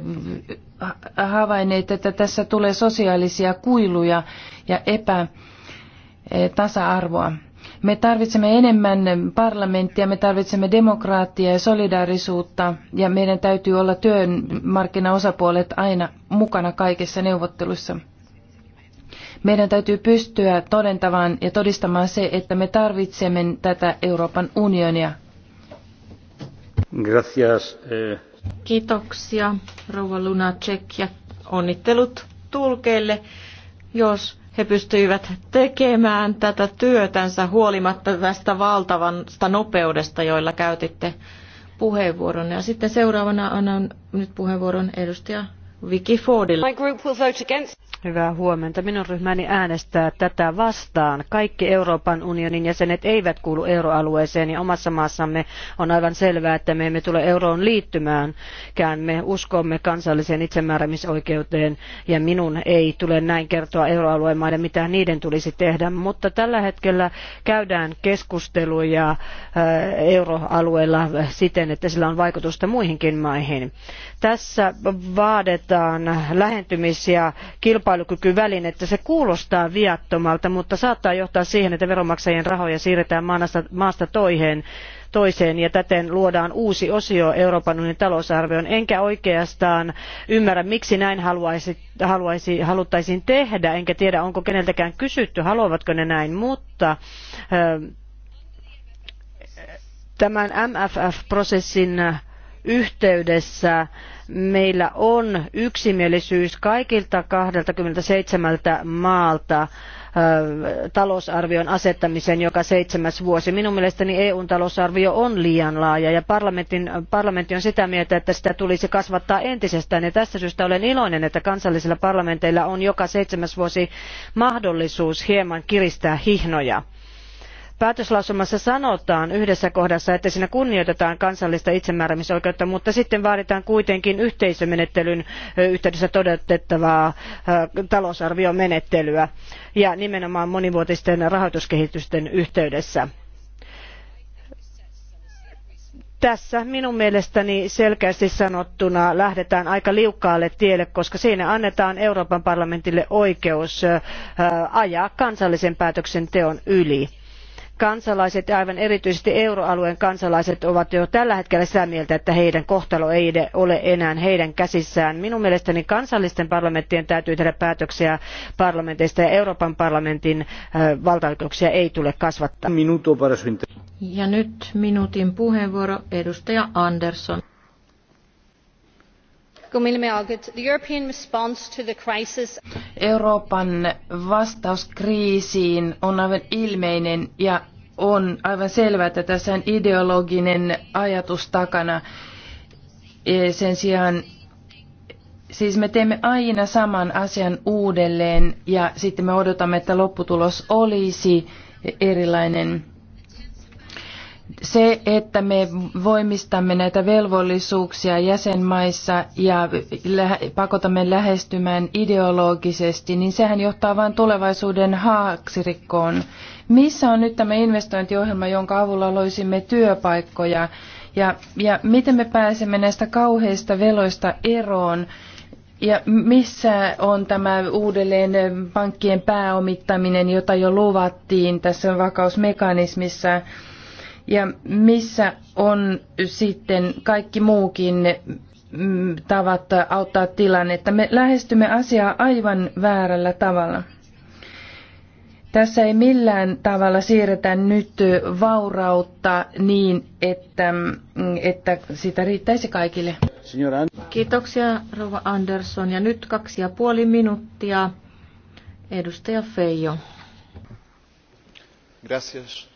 havainneet, että tässä tulee sosiaalisia kuiluja ja epätasa-arvoa. Me tarvitsemme enemmän parlamenttia, me tarvitsemme demokraattia ja solidaarisuutta ja meidän täytyy olla työmarkkinaosapuolet aina mukana kaikissa neuvotteluissa. Meidän täytyy pystyä todentamaan ja todistamaan se, että me tarvitsemme tätä Euroopan unionia. Gracias. Eh. Kiitoksia, rouva Lunacek, ja onnittelut tulkeille. Jos he pystyivät tekemään tätä työtänsä huolimatta tästä valtavasta nopeudesta, joilla käytitte puheenvuoron. Ja sitten seuraavana annan nyt puheenvuoron edustaja Vicky Fordille. Hyvää huomenta. Minun ryhmäni äänestää tätä vastaan. Kaikki Euroopan unionin jäsenet eivät kuulu euroalueeseen ja omassa maassamme on aivan selvää, että me emme tule euroon liittymäänkään. Me uskomme kansalliseen itsemääräämisoikeuteen ja minun ei tule näin kertoa euroalueen maiden, mitä niiden tulisi tehdä. Mutta tällä hetkellä käydään keskusteluja äh, euroalueella siten, että sillä on vaikutusta muihinkin maihin. Tässä vaaditaan lähentymis- ja kilpailu että Se kuulostaa viattomalta, mutta saattaa johtaa siihen, että veronmaksajien rahoja siirretään maasta toiseen ja täten luodaan uusi osio Euroopan unionin talousarvioon. Enkä oikeastaan ymmärrä, miksi näin haluaisi, haluaisi, haluttaisiin tehdä, enkä tiedä, onko keneltäkään kysytty, haluavatko ne näin, mutta tämän MFF-prosessin yhteydessä meillä on yksimielisyys kaikilta 27 maalta talousarvion asettamisen joka seitsemäs vuosi. Minun mielestäni EUn talousarvio on liian laaja ja parlamentti on sitä mieltä, että sitä tulisi kasvattaa entisestään. Ja tästä syystä olen iloinen, että kansallisilla parlamenteilla on joka seitsemäs vuosi mahdollisuus hieman kiristää hihnoja päätöslauselmassa sanotaan yhdessä kohdassa, että siinä kunnioitetaan kansallista itsemääräämisoikeutta, mutta sitten vaaditaan kuitenkin yhteisömenettelyn yhteydessä toteutettavaa talousarviomenettelyä ja nimenomaan monivuotisten rahoituskehitysten yhteydessä tässä minun mielestäni selkeästi sanottuna lähdetään aika liukkaalle tielle koska siinä annetaan euroopan parlamentille oikeus ajaa kansallisen päätöksenteon yli kansalaiset ja aivan erityisesti euroalueen kansalaiset ovat jo tällä hetkellä sitä mieltä, että heidän kohtalo ei ole enää heidän käsissään. Minun mielestäni kansallisten parlamenttien täytyy tehdä päätöksiä parlamenteista ja Euroopan parlamentin valtaoikeuksia ei tule kasvattaa. Ja nyt minuutin puheenvuoro edustaja Andersson. Euroopan vastaus kriisiin on aivan ilmeinen ja on aivan selvää, että tässä on ideologinen ajatus takana. Sen sijaan Siis me teemme aina saman asian uudelleen ja sitten me odotamme, että lopputulos olisi erilainen se, että me voimistamme näitä velvollisuuksia jäsenmaissa ja pakotamme lähestymään ideologisesti, niin sehän johtaa vain tulevaisuuden haaksirikkoon. Missä on nyt tämä investointiohjelma, jonka avulla loisimme työpaikkoja? Ja, ja miten me pääsemme näistä kauheista veloista eroon? Ja missä on tämä uudelleen pankkien pääomittaminen, jota jo luvattiin tässä vakausmekanismissa? Ja missä on sitten kaikki muukin mm, tavat auttaa tilannetta? Me lähestymme asiaa aivan väärällä tavalla. Tässä ei millään tavalla siirretä nyt vaurautta niin, että, mm, että sitä riittäisi kaikille. Kiitoksia, Rova Andersson. Ja nyt kaksi ja puoli minuuttia. Edustaja Feijo. Gracias.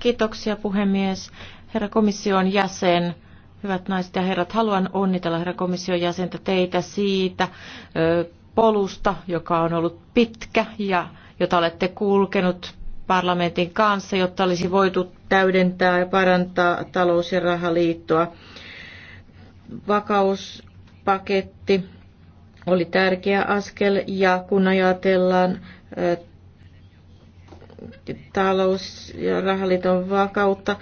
Kiitoksia puhemies. Herra komission jäsen, hyvät naiset ja herrat, haluan onnitella herra komission jäsentä teitä siitä polusta, joka on ollut pitkä ja jota olette kulkenut parlamentin kanssa, jotta olisi voitu täydentää ja parantaa talous- ja rahaliittoa. Vakauspaketti oli tärkeä askel ja kun ajatellaan talous- ja rahaliiton vakautta,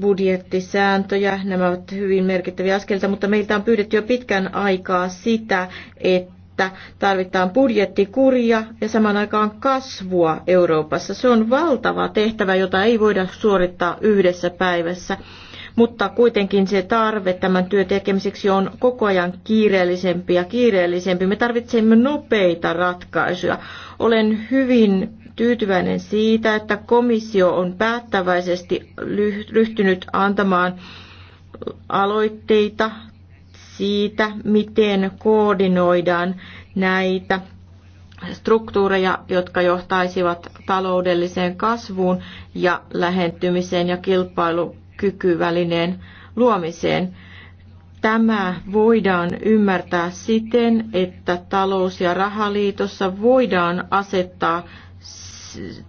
budjettisääntöjä. Nämä ovat hyvin merkittäviä askelta, mutta meiltä on pyydetty jo pitkän aikaa sitä, että tarvitaan budjettikuria ja saman aikaan kasvua Euroopassa. Se on valtava tehtävä, jota ei voida suorittaa yhdessä päivässä mutta kuitenkin se tarve tämän työn tekemiseksi on koko ajan kiireellisempi ja kiireellisempi. Me tarvitsemme nopeita ratkaisuja. Olen hyvin tyytyväinen siitä, että komissio on päättäväisesti ryhtynyt antamaan aloitteita siitä, miten koordinoidaan näitä struktuureja, jotka johtaisivat taloudelliseen kasvuun ja lähentymiseen ja kilpailukykyvälineen luomiseen. Tämä voidaan ymmärtää siten, että talous- ja rahaliitossa voidaan asettaa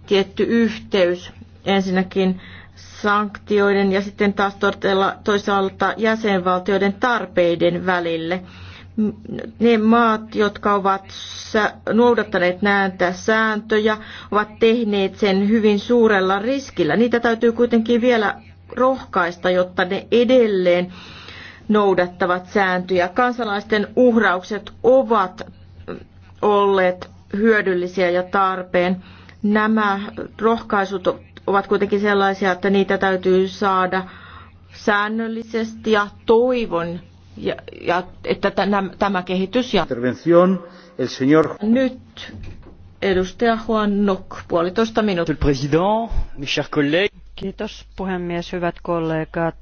tietty yhteys ensinnäkin sanktioiden ja sitten taas toisaalta jäsenvaltioiden tarpeiden välille. Ne maat, jotka ovat noudattaneet näitä sääntöjä, ovat tehneet sen hyvin suurella riskillä. Niitä täytyy kuitenkin vielä rohkaista, jotta ne edelleen noudattavat sääntöjä. Kansalaisten uhraukset ovat olleet hyödyllisiä ja tarpeen. Nämä rohkaisut ovat kuitenkin sellaisia, että niitä täytyy saada säännöllisesti ja toivon, ja, ja, että tämä kehitys jatkuu. Nyt edustaja Juan Nock, puolitoista minuuttia. Kiitos puhemies, hyvät kollegat.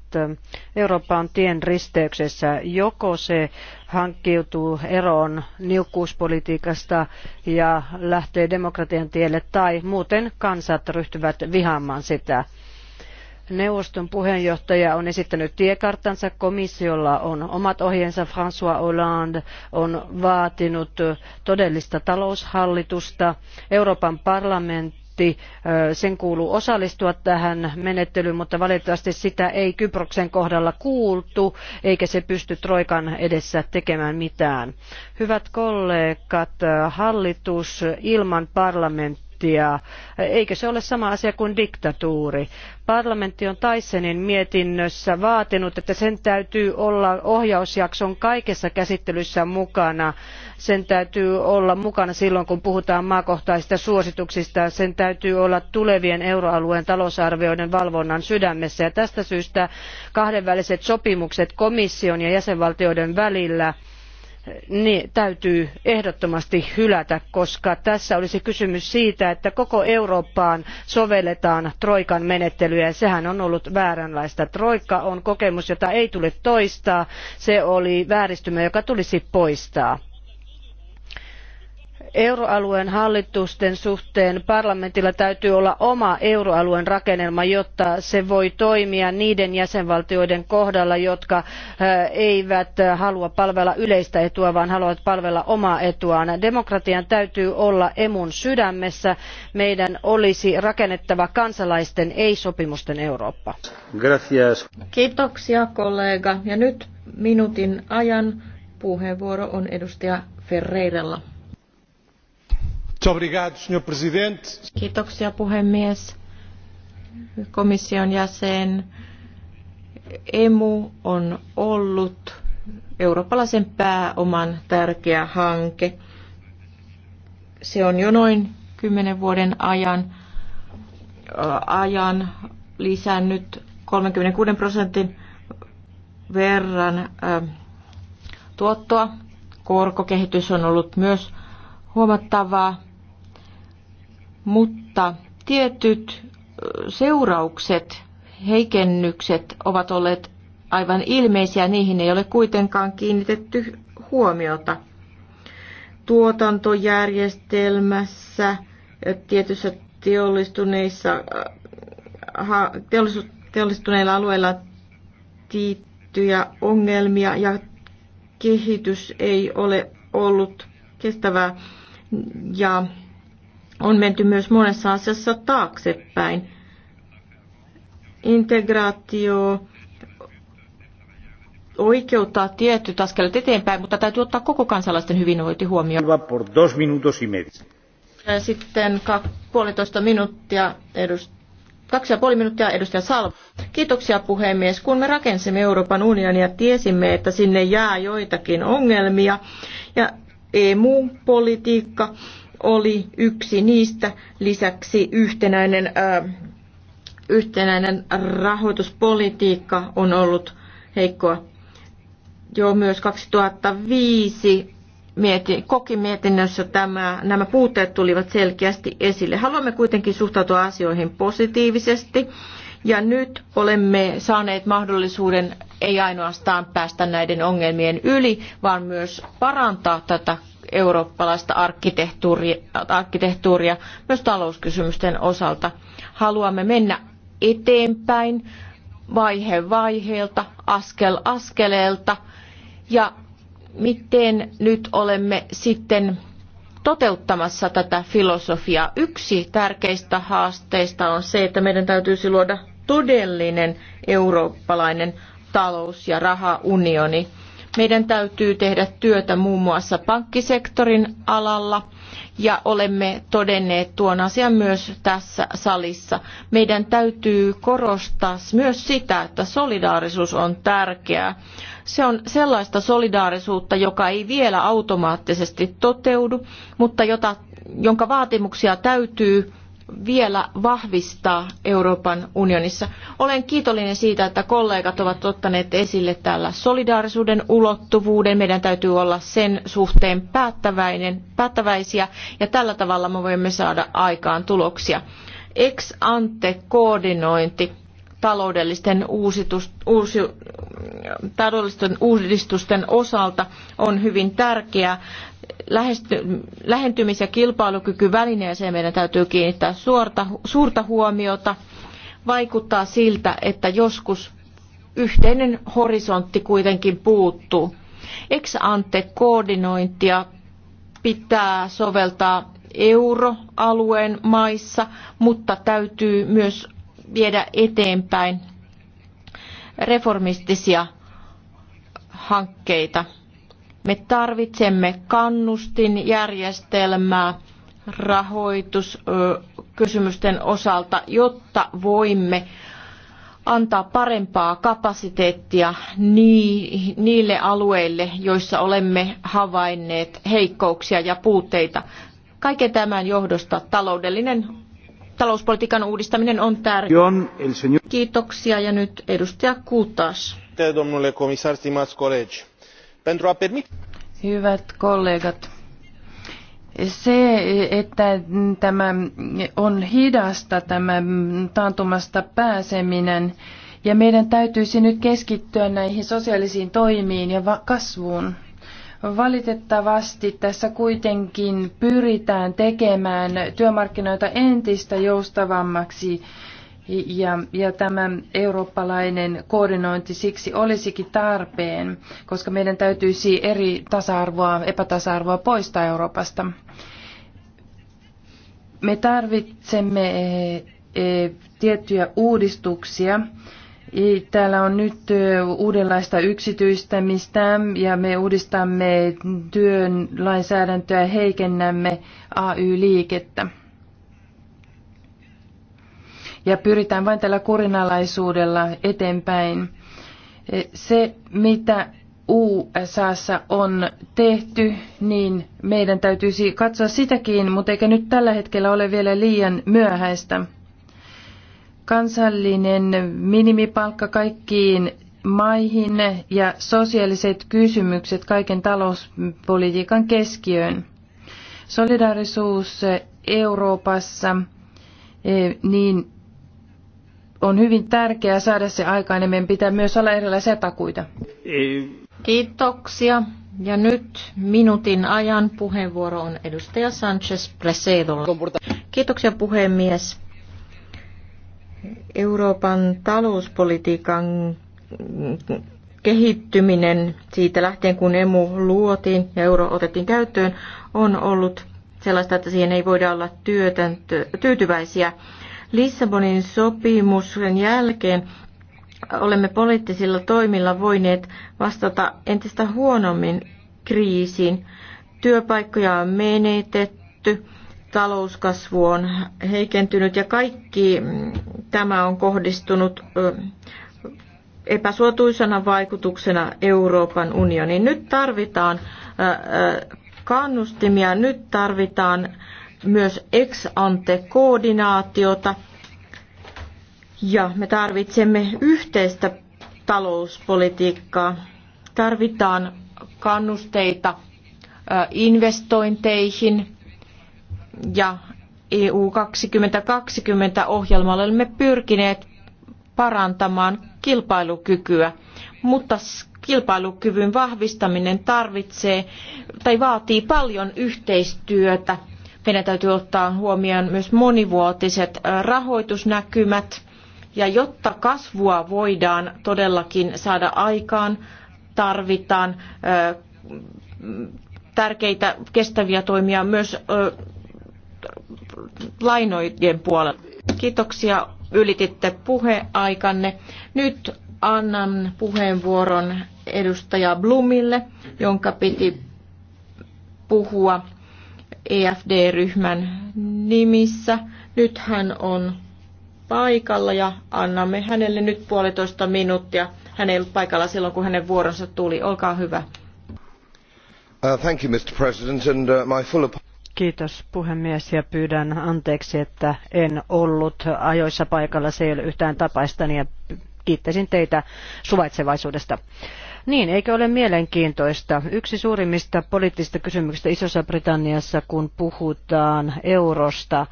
Eurooppa on tien risteyksessä. Joko se hankkiutuu eroon niukkuuspolitiikasta ja lähtee demokratian tielle, tai muuten kansat ryhtyvät vihaamaan sitä. Neuvoston puheenjohtaja on esittänyt tiekarttansa, komissiolla on omat ohjeensa, François Hollande on vaatinut todellista taloushallitusta, Euroopan parlamentti parlamentti, sen kuuluu osallistua tähän menettelyyn, mutta valitettavasti sitä ei Kyproksen kohdalla kuultu, eikä se pysty Troikan edessä tekemään mitään. Hyvät kollegat, hallitus ilman parlamenttia demokratiaa. Eikö se ole sama asia kuin diktatuuri? Parlamentti on Taisenin mietinnössä vaatinut, että sen täytyy olla ohjausjakson kaikessa käsittelyssä mukana. Sen täytyy olla mukana silloin, kun puhutaan maakohtaisista suosituksista. Sen täytyy olla tulevien euroalueen talousarvioiden valvonnan sydämessä. Ja tästä syystä kahdenväliset sopimukset komission ja jäsenvaltioiden välillä – niin täytyy ehdottomasti hylätä, koska tässä olisi kysymys siitä, että koko Eurooppaan sovelletaan Troikan menettelyä ja sehän on ollut vääränlaista. Troikka on kokemus, jota ei tule toistaa, se oli vääristymä, joka tulisi poistaa euroalueen hallitusten suhteen parlamentilla täytyy olla oma euroalueen rakennelma jotta se voi toimia niiden jäsenvaltioiden kohdalla jotka eivät halua palvella yleistä etua vaan haluavat palvella omaa etuaan. demokratian täytyy olla emun sydämessä. meidän olisi rakennettava kansalaisten ei sopimusten eurooppa. Gracias. Kiitoksia kollega ja nyt minuutin ajan puheenvuoro on edustaja Ferreiralla. Kiitoksia puhemies. Komission jäsen. Emu on ollut eurooppalaisen pääoman tärkeä hanke. Se on jo noin kymmenen vuoden ajan, äh, ajan lisännyt 36 prosentin verran äh, tuottoa. Korkokehitys on ollut myös huomattavaa mutta tietyt seuraukset, heikennykset ovat olleet aivan ilmeisiä, niihin ei ole kuitenkaan kiinnitetty huomiota. Tuotantojärjestelmässä, tietyissä teollistuneissa, teollistuneilla alueilla tiittyjä ongelmia ja kehitys ei ole ollut kestävää ja on menty myös monessa asiassa taaksepäin. Integraatio oikeuttaa tietyt askelet eteenpäin, mutta täytyy ottaa koko kansalaisten hyvinvointi huomioon. Sitten puolitoista minuuttia edustaja kaksi ja puoli minuuttia edustaja Salva. Kiitoksia puhemies. Kun me rakensimme Euroopan unionia, tiesimme, että sinne jää joitakin ongelmia ja EMU-politiikka oli yksi niistä. Lisäksi yhtenäinen, ö, yhtenäinen rahoituspolitiikka on ollut heikkoa. Jo myös 2005 mieti, koki mietinnössä tämä, nämä puutteet tulivat selkeästi esille. Haluamme kuitenkin suhtautua asioihin positiivisesti. Ja nyt olemme saaneet mahdollisuuden ei ainoastaan päästä näiden ongelmien yli, vaan myös parantaa tätä eurooppalaista arkkitehtuuria, arkkitehtuuria myös talouskysymysten osalta. Haluamme mennä eteenpäin vaihe vaiheelta, askel askeleelta ja miten nyt olemme sitten toteuttamassa tätä filosofiaa. Yksi tärkeistä haasteista on se, että meidän täytyisi luoda todellinen eurooppalainen talous- ja rahaunioni. Meidän täytyy tehdä työtä muun muassa pankkisektorin alalla ja olemme todenneet tuon asian myös tässä salissa. Meidän täytyy korostaa myös sitä, että solidaarisuus on tärkeää. Se on sellaista solidaarisuutta, joka ei vielä automaattisesti toteudu, mutta jota, jonka vaatimuksia täytyy vielä vahvistaa Euroopan unionissa. Olen kiitollinen siitä, että kollegat ovat ottaneet esille täällä solidaarisuuden ulottuvuuden. Meidän täytyy olla sen suhteen päättäväinen, päättäväisiä ja tällä tavalla me voimme saada aikaan tuloksia. Ex ante koordinointi taloudellisten, uusitus, uusi, taloudellisten uudistusten osalta on hyvin tärkeää lähentymis- ja kilpailukykyvälineeseen meidän täytyy kiinnittää suorta, suurta huomiota. Vaikuttaa siltä, että joskus yhteinen horisontti kuitenkin puuttuu. Ex ante koordinointia pitää soveltaa euroalueen maissa, mutta täytyy myös viedä eteenpäin reformistisia hankkeita. Me tarvitsemme kannustinjärjestelmää rahoituskysymysten osalta, jotta voimme antaa parempaa kapasiteettia niille alueille, joissa olemme havainneet heikkouksia ja puutteita. Kaiken tämän johdosta taloudellinen talouspolitiikan uudistaminen on tärkeää. Kiitoksia ja nyt edustaja Kuutas. Domnule komissar, stimați colegi pentru a permite... Hyvät kollegat, se, että tämä on hidasta tämä taantumasta pääseminen ja meidän täytyisi nyt keskittyä näihin sosiaalisiin toimiin ja kasvuun. Valitettavasti tässä kuitenkin pyritään tekemään työmarkkinoita entistä joustavammaksi ja, ja tämä eurooppalainen koordinointi siksi olisikin tarpeen, koska meidän täytyisi eri tasa-arvoa, epätasa-arvoa poistaa Euroopasta. Me tarvitsemme e, e, tiettyjä uudistuksia. Täällä on nyt e, uudenlaista yksityistämistä ja me uudistamme työn lainsäädäntöä ja heikennämme AY-liikettä ja pyritään vain tällä kurinalaisuudella eteenpäin. Se, mitä USAssa on tehty, niin meidän täytyisi katsoa sitäkin, mutta eikä nyt tällä hetkellä ole vielä liian myöhäistä. Kansallinen minimipalkka kaikkiin maihin ja sosiaaliset kysymykset kaiken talouspolitiikan keskiöön. Solidaarisuus Euroopassa, eh, niin on hyvin tärkeää saada se aikaan ja meidän pitää myös olla erilaisia takuita. Kiitoksia. Ja nyt minuutin ajan puheenvuoro on edustaja Sanchez Presedolla. Kiitoksia puhemies. Euroopan talouspolitiikan kehittyminen siitä lähtien, kun emu luotiin ja euro otettiin käyttöön, on ollut sellaista, että siihen ei voida olla työtäntö, tyytyväisiä. Lissabonin sopimuksen jälkeen olemme poliittisilla toimilla voineet vastata entistä huonommin kriisiin. Työpaikkoja on menetetty, talouskasvu on heikentynyt ja kaikki mm, tämä on kohdistunut epäsuotuisana vaikutuksena Euroopan unioniin. Nyt tarvitaan kannustimia, nyt tarvitaan myös ex ante koordinaatiota ja me tarvitsemme yhteistä talouspolitiikkaa. Tarvitaan kannusteita investointeihin ja EU 2020 ohjelmalla olemme pyrkineet parantamaan kilpailukykyä, mutta kilpailukyvyn vahvistaminen tarvitsee tai vaatii paljon yhteistyötä meidän täytyy ottaa huomioon myös monivuotiset äh, rahoitusnäkymät. Ja jotta kasvua voidaan todellakin saada aikaan, tarvitaan äh, tärkeitä kestäviä toimia myös äh, lainojen puolella. Kiitoksia, ylititte puheaikanne. Nyt annan puheenvuoron edustaja Blumille, jonka piti puhua EFD-ryhmän nimissä. Nyt hän on paikalla ja annamme hänelle nyt puolitoista minuuttia. Hän ei ollut paikalla silloin, kun hänen vuoronsa tuli. Olkaa hyvä. Uh, thank you, Mr. President, and uh, my full Kiitos puhemies ja pyydän anteeksi, että en ollut ajoissa paikalla. Se ei ole yhtään tapaista ja kiittäisin teitä suvaitsevaisuudesta. Uh, niin, eikö ole mielenkiintoista? Yksi suurimmista poliittisista kysymyksistä Isossa Britanniassa, kun puhutaan eurosta,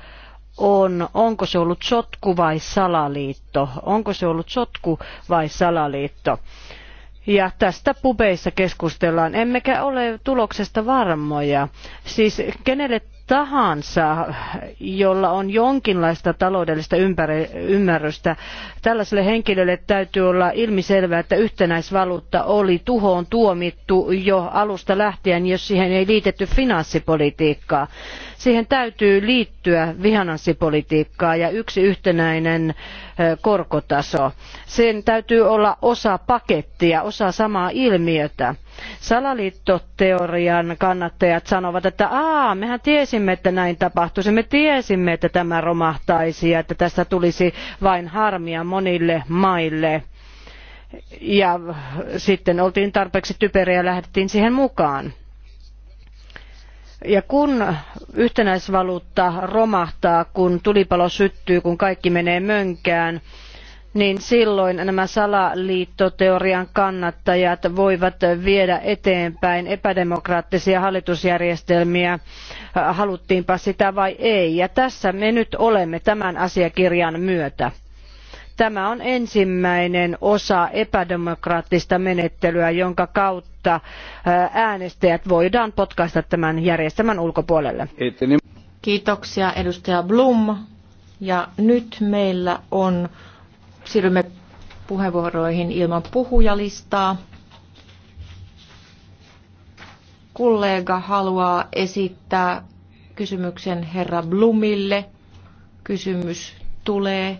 on, onko se ollut sotku vai salaliitto? Onko se ollut sotku vai salaliitto? Ja tästä pubeissa keskustellaan, emmekä ole tuloksesta varmoja. Siis kenelle tahansa, jolla on jonkinlaista taloudellista ymmärrystä, tällaiselle henkilölle täytyy olla ilmiselvää, että yhtenäisvaluutta oli tuhoon tuomittu jo alusta lähtien, jos siihen ei liitetty finanssipolitiikkaa. Siihen täytyy liittyä vihananssipolitiikkaa ja yksi yhtenäinen korkotaso. Sen täytyy olla osa pakettia, osa samaa ilmiötä. Salaliittoteorian kannattajat sanovat, että aa, mehän tiesimme, että näin tapahtuisi, me tiesimme, että tämä romahtaisi ja että tästä tulisi vain harmia monille maille. Ja sitten oltiin tarpeeksi typeriä ja lähdettiin siihen mukaan ja kun yhtenäisvaluutta romahtaa, kun tulipalo syttyy, kun kaikki menee mönkään, niin silloin nämä salaliittoteorian kannattajat voivat viedä eteenpäin epädemokraattisia hallitusjärjestelmiä, haluttiinpa sitä vai ei. Ja tässä me nyt olemme tämän asiakirjan myötä. Tämä on ensimmäinen osa epädemokraattista menettelyä, jonka kautta äänestäjät voidaan potkaista tämän järjestelmän ulkopuolelle. Kiitoksia edustaja Blum. Ja nyt meillä on, siirrymme puheenvuoroihin ilman puhujalistaa. Kollega haluaa esittää kysymyksen herra Blumille. Kysymys tulee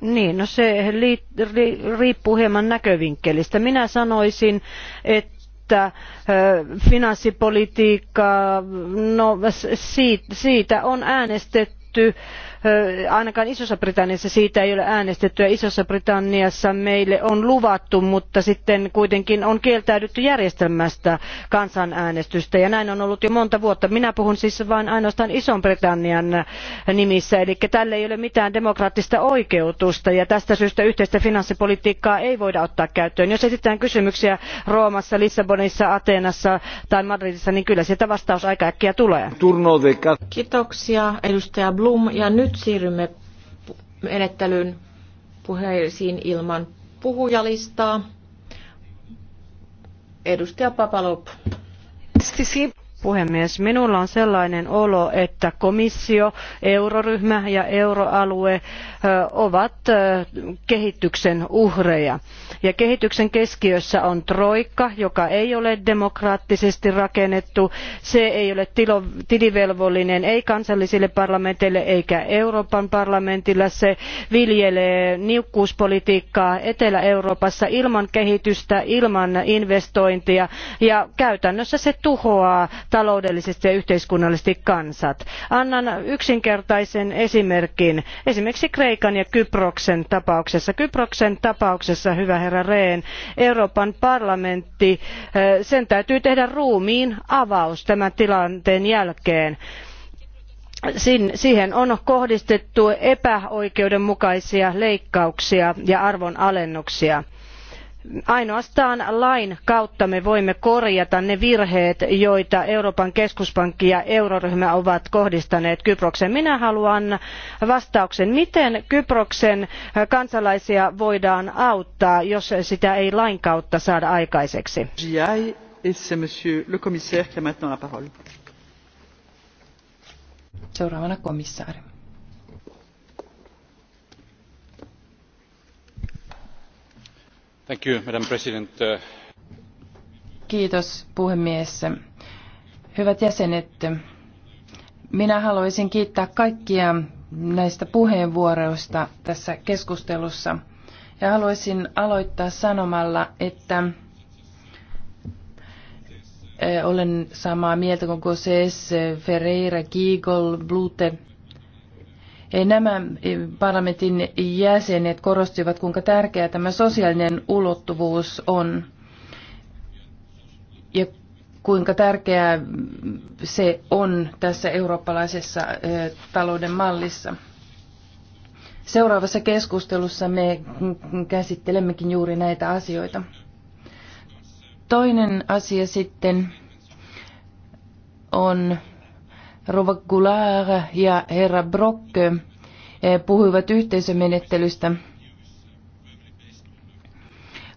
Niin, no se riippuu hieman näkövinkkelistä. Minä sanoisin, että että finanssipolitiikka, no siitä on äänestetty ainakaan isossa britanniassa siitä ei ole äänestetty ja isossa britanniassa meille on luvattu mutta sitten kuitenkin on kieltäydytty järjestämästä kansanäänestystä ja näin on ollut jo monta vuotta. minä puhun siis vain ainoastaan ison britannian nimissä eli tälle ei ole mitään demokraattista oikeutusta ja tästä syystä yhteistä finanssipolitiikkaa ei voida ottaa käyttöön. jos esitetään kysymyksiä roomassa lissabonissa ateenassa tai madridissa niin kyllä sieltä vastaus aika äkkiä tulee. Kiitoksia edustaja Blum ja nyt nyt siirrymme menettelyyn puheisiin ilman puhujalistaa. Edustaja Papalop puhemies minulla on sellainen olo että komissio euroryhmä ja euroalue ovat kehityksen uhreja ja kehityksen keskiössä on troikka joka ei ole demokraattisesti rakennettu se ei ole tilivelvollinen ei kansallisille parlamenteille eikä euroopan parlamentille se viljelee niukkuuspolitiikkaa etelä euroopassa ilman kehitystä ilman investointeja ja käytännössä se tuhoaa taloudellisesti ja yhteiskunnallisesti kansat. Annan yksinkertaisen esimerkin. Esimerkiksi Kreikan ja Kyproksen tapauksessa. Kyproksen tapauksessa, hyvä herra Rehn, Euroopan parlamentti, eh, sen täytyy tehdä ruumiin tämän tilanteen jälkeen siihen on kohdistettu epäoikeudenmukaisia leikkauksia ja arvonalennuksia ainoastaan lain kautta me voimme korjata ne virheet joita euroopan keskuspankki ja euroryhmä ovat kohdistaneet kyprokseen. minä haluan vastauksen miten kyproksen kansalaisia voidaan auttaa jos sitä ei lain kautta saada aikaiseksi? seuraavana komissaari. Kiitos puhemies. Hyvät jäsenet, minä haluaisin kiittää kaikkia näistä puheenvuoroista tässä keskustelussa. Ja haluaisin aloittaa sanomalla, että eh, olen samaa mieltä kuin gauzs Ferreira, giegold Blute Nämä e, parlamentin jäsenet korostivat, kuinka tärkeä tämä sosiaalinen ulottuvuus on ja kuinka tärkeää se on tässä eurooppalaisessa e, talouden mallissa. Seuraavassa keskustelussa me käsittelemmekin juuri näitä asioita. Toinen asia sitten on Rova Goulart ja herra Brock eh, puhuivat yhteisömenettelystä.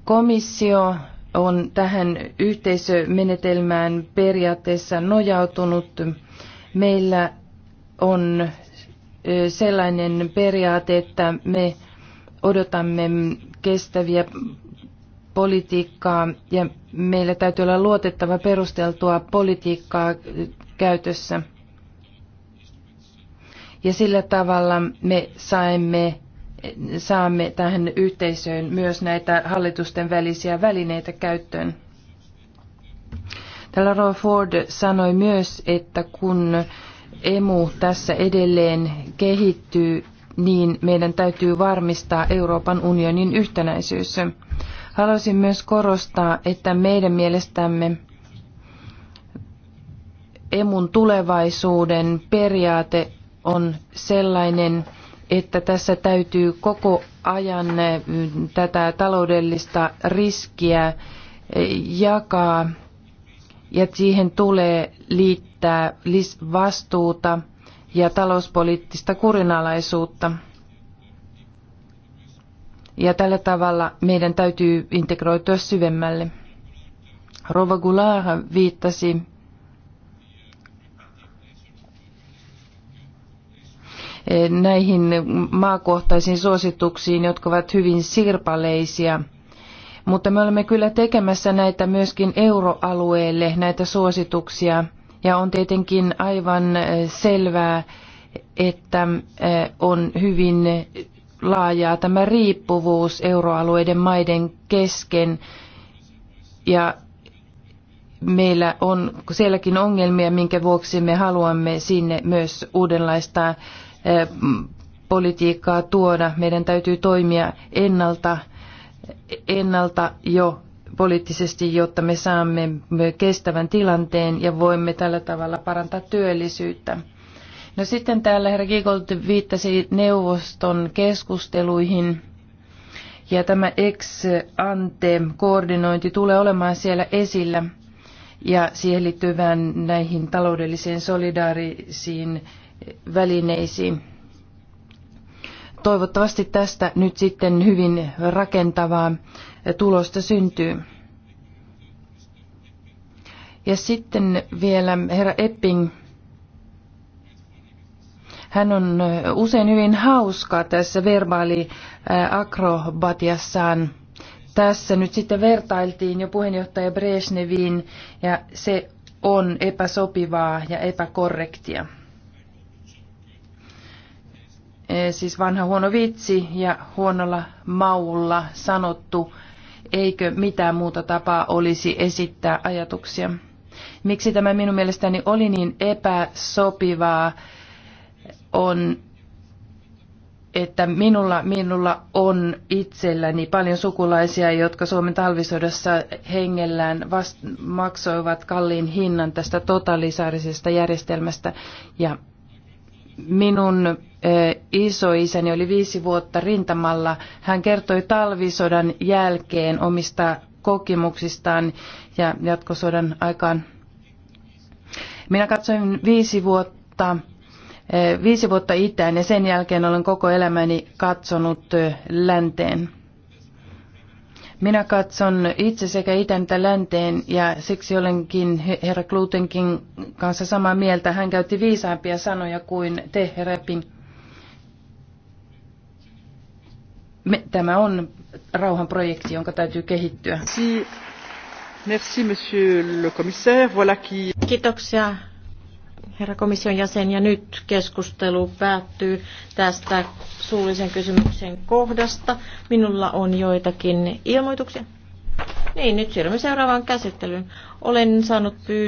Komissio on tähän yhteisömenetelmään periaatteessa nojautunut. Meillä on eh, sellainen periaate, että me odotamme kestäviä politiikkaa ja meillä täytyy olla luotettava perusteltua politiikkaa käytössä. Ja sillä tavalla me saimme, saamme tähän yhteisöön myös näitä hallitusten välisiä välineitä käyttöön. Täällä Roy Ford sanoi myös, että kun emu tässä edelleen kehittyy, niin meidän täytyy varmistaa Euroopan unionin yhtenäisyys. Haluaisin myös korostaa, että meidän mielestämme emun tulevaisuuden periaate on sellainen, että tässä täytyy koko ajan tätä taloudellista riskiä jakaa ja siihen tulee liittää vastuuta ja talouspoliittista kurinalaisuutta. Ja tällä tavalla meidän täytyy integroitua syvemmälle. Rova Goulart viittasi näihin maakohtaisiin suosituksiin, jotka ovat hyvin sirpaleisia. Mutta me olemme kyllä tekemässä näitä myöskin euroalueelle, näitä suosituksia. Ja on tietenkin aivan äh, selvää, että äh, on hyvin laajaa tämä riippuvuus euroalueiden maiden kesken. Ja meillä on sielläkin ongelmia, minkä vuoksi me haluamme sinne myös uudenlaista politiikkaa tuoda. Meidän täytyy toimia ennalta, ennalta jo poliittisesti, jotta me saamme kestävän tilanteen ja voimme tällä tavalla parantaa työllisyyttä. No sitten täällä herra Giegold viittasi neuvoston keskusteluihin. Ja tämä ex ante koordinointi tulee olemaan siellä esillä ja siihen liittyvään näihin taloudellisiin solidaarisiin välineisiin. Toivottavasti tästä nyt sitten hyvin rakentavaa tulosta syntyy. Ja sitten vielä herra Epping. Hän on usein hyvin hauska tässä verbaaliakrobatiassaan. Tässä nyt sitten vertailtiin jo puheenjohtaja Brezhneviin ja se on epäsopivaa ja epäkorrektia. Eh, siis vanha huono vitsi ja huonolla maulla sanottu, eikö mitään muuta tapaa olisi esittää ajatuksia. Miksi tämä minun mielestäni oli niin epäsopivaa, on, että minulla, minulla on itselläni paljon sukulaisia, jotka Suomen talvisodassa hengellään vast- maksoivat kalliin hinnan tästä totalisaarisesta järjestelmästä. Ja Minun isoisäni oli viisi vuotta rintamalla. Hän kertoi talvisodan jälkeen omista kokemuksistaan ja jatkosodan aikaan. Minä katsoin viisi vuotta, viisi vuotta itään ja sen jälkeen olen koko elämäni katsonut länteen. Minä katson itse sekä itän että länteen ja siksi olenkin herra Klutenkin kanssa samaa mieltä. Hän käytti viisaampia sanoja kuin te, herra Pin. Me, tämä on rauhanprojekti, jonka täytyy kehittyä. Merci, monsieur le commissaire. Voilà qui... Kiitoksia herra komission jäsen. Ja nyt keskustelu päättyy tästä suullisen kysymyksen kohdasta. Minulla on joitakin ilmoituksia. Niin, nyt siirrymme seuraavaan käsittelyyn. Olen saanut pyydön.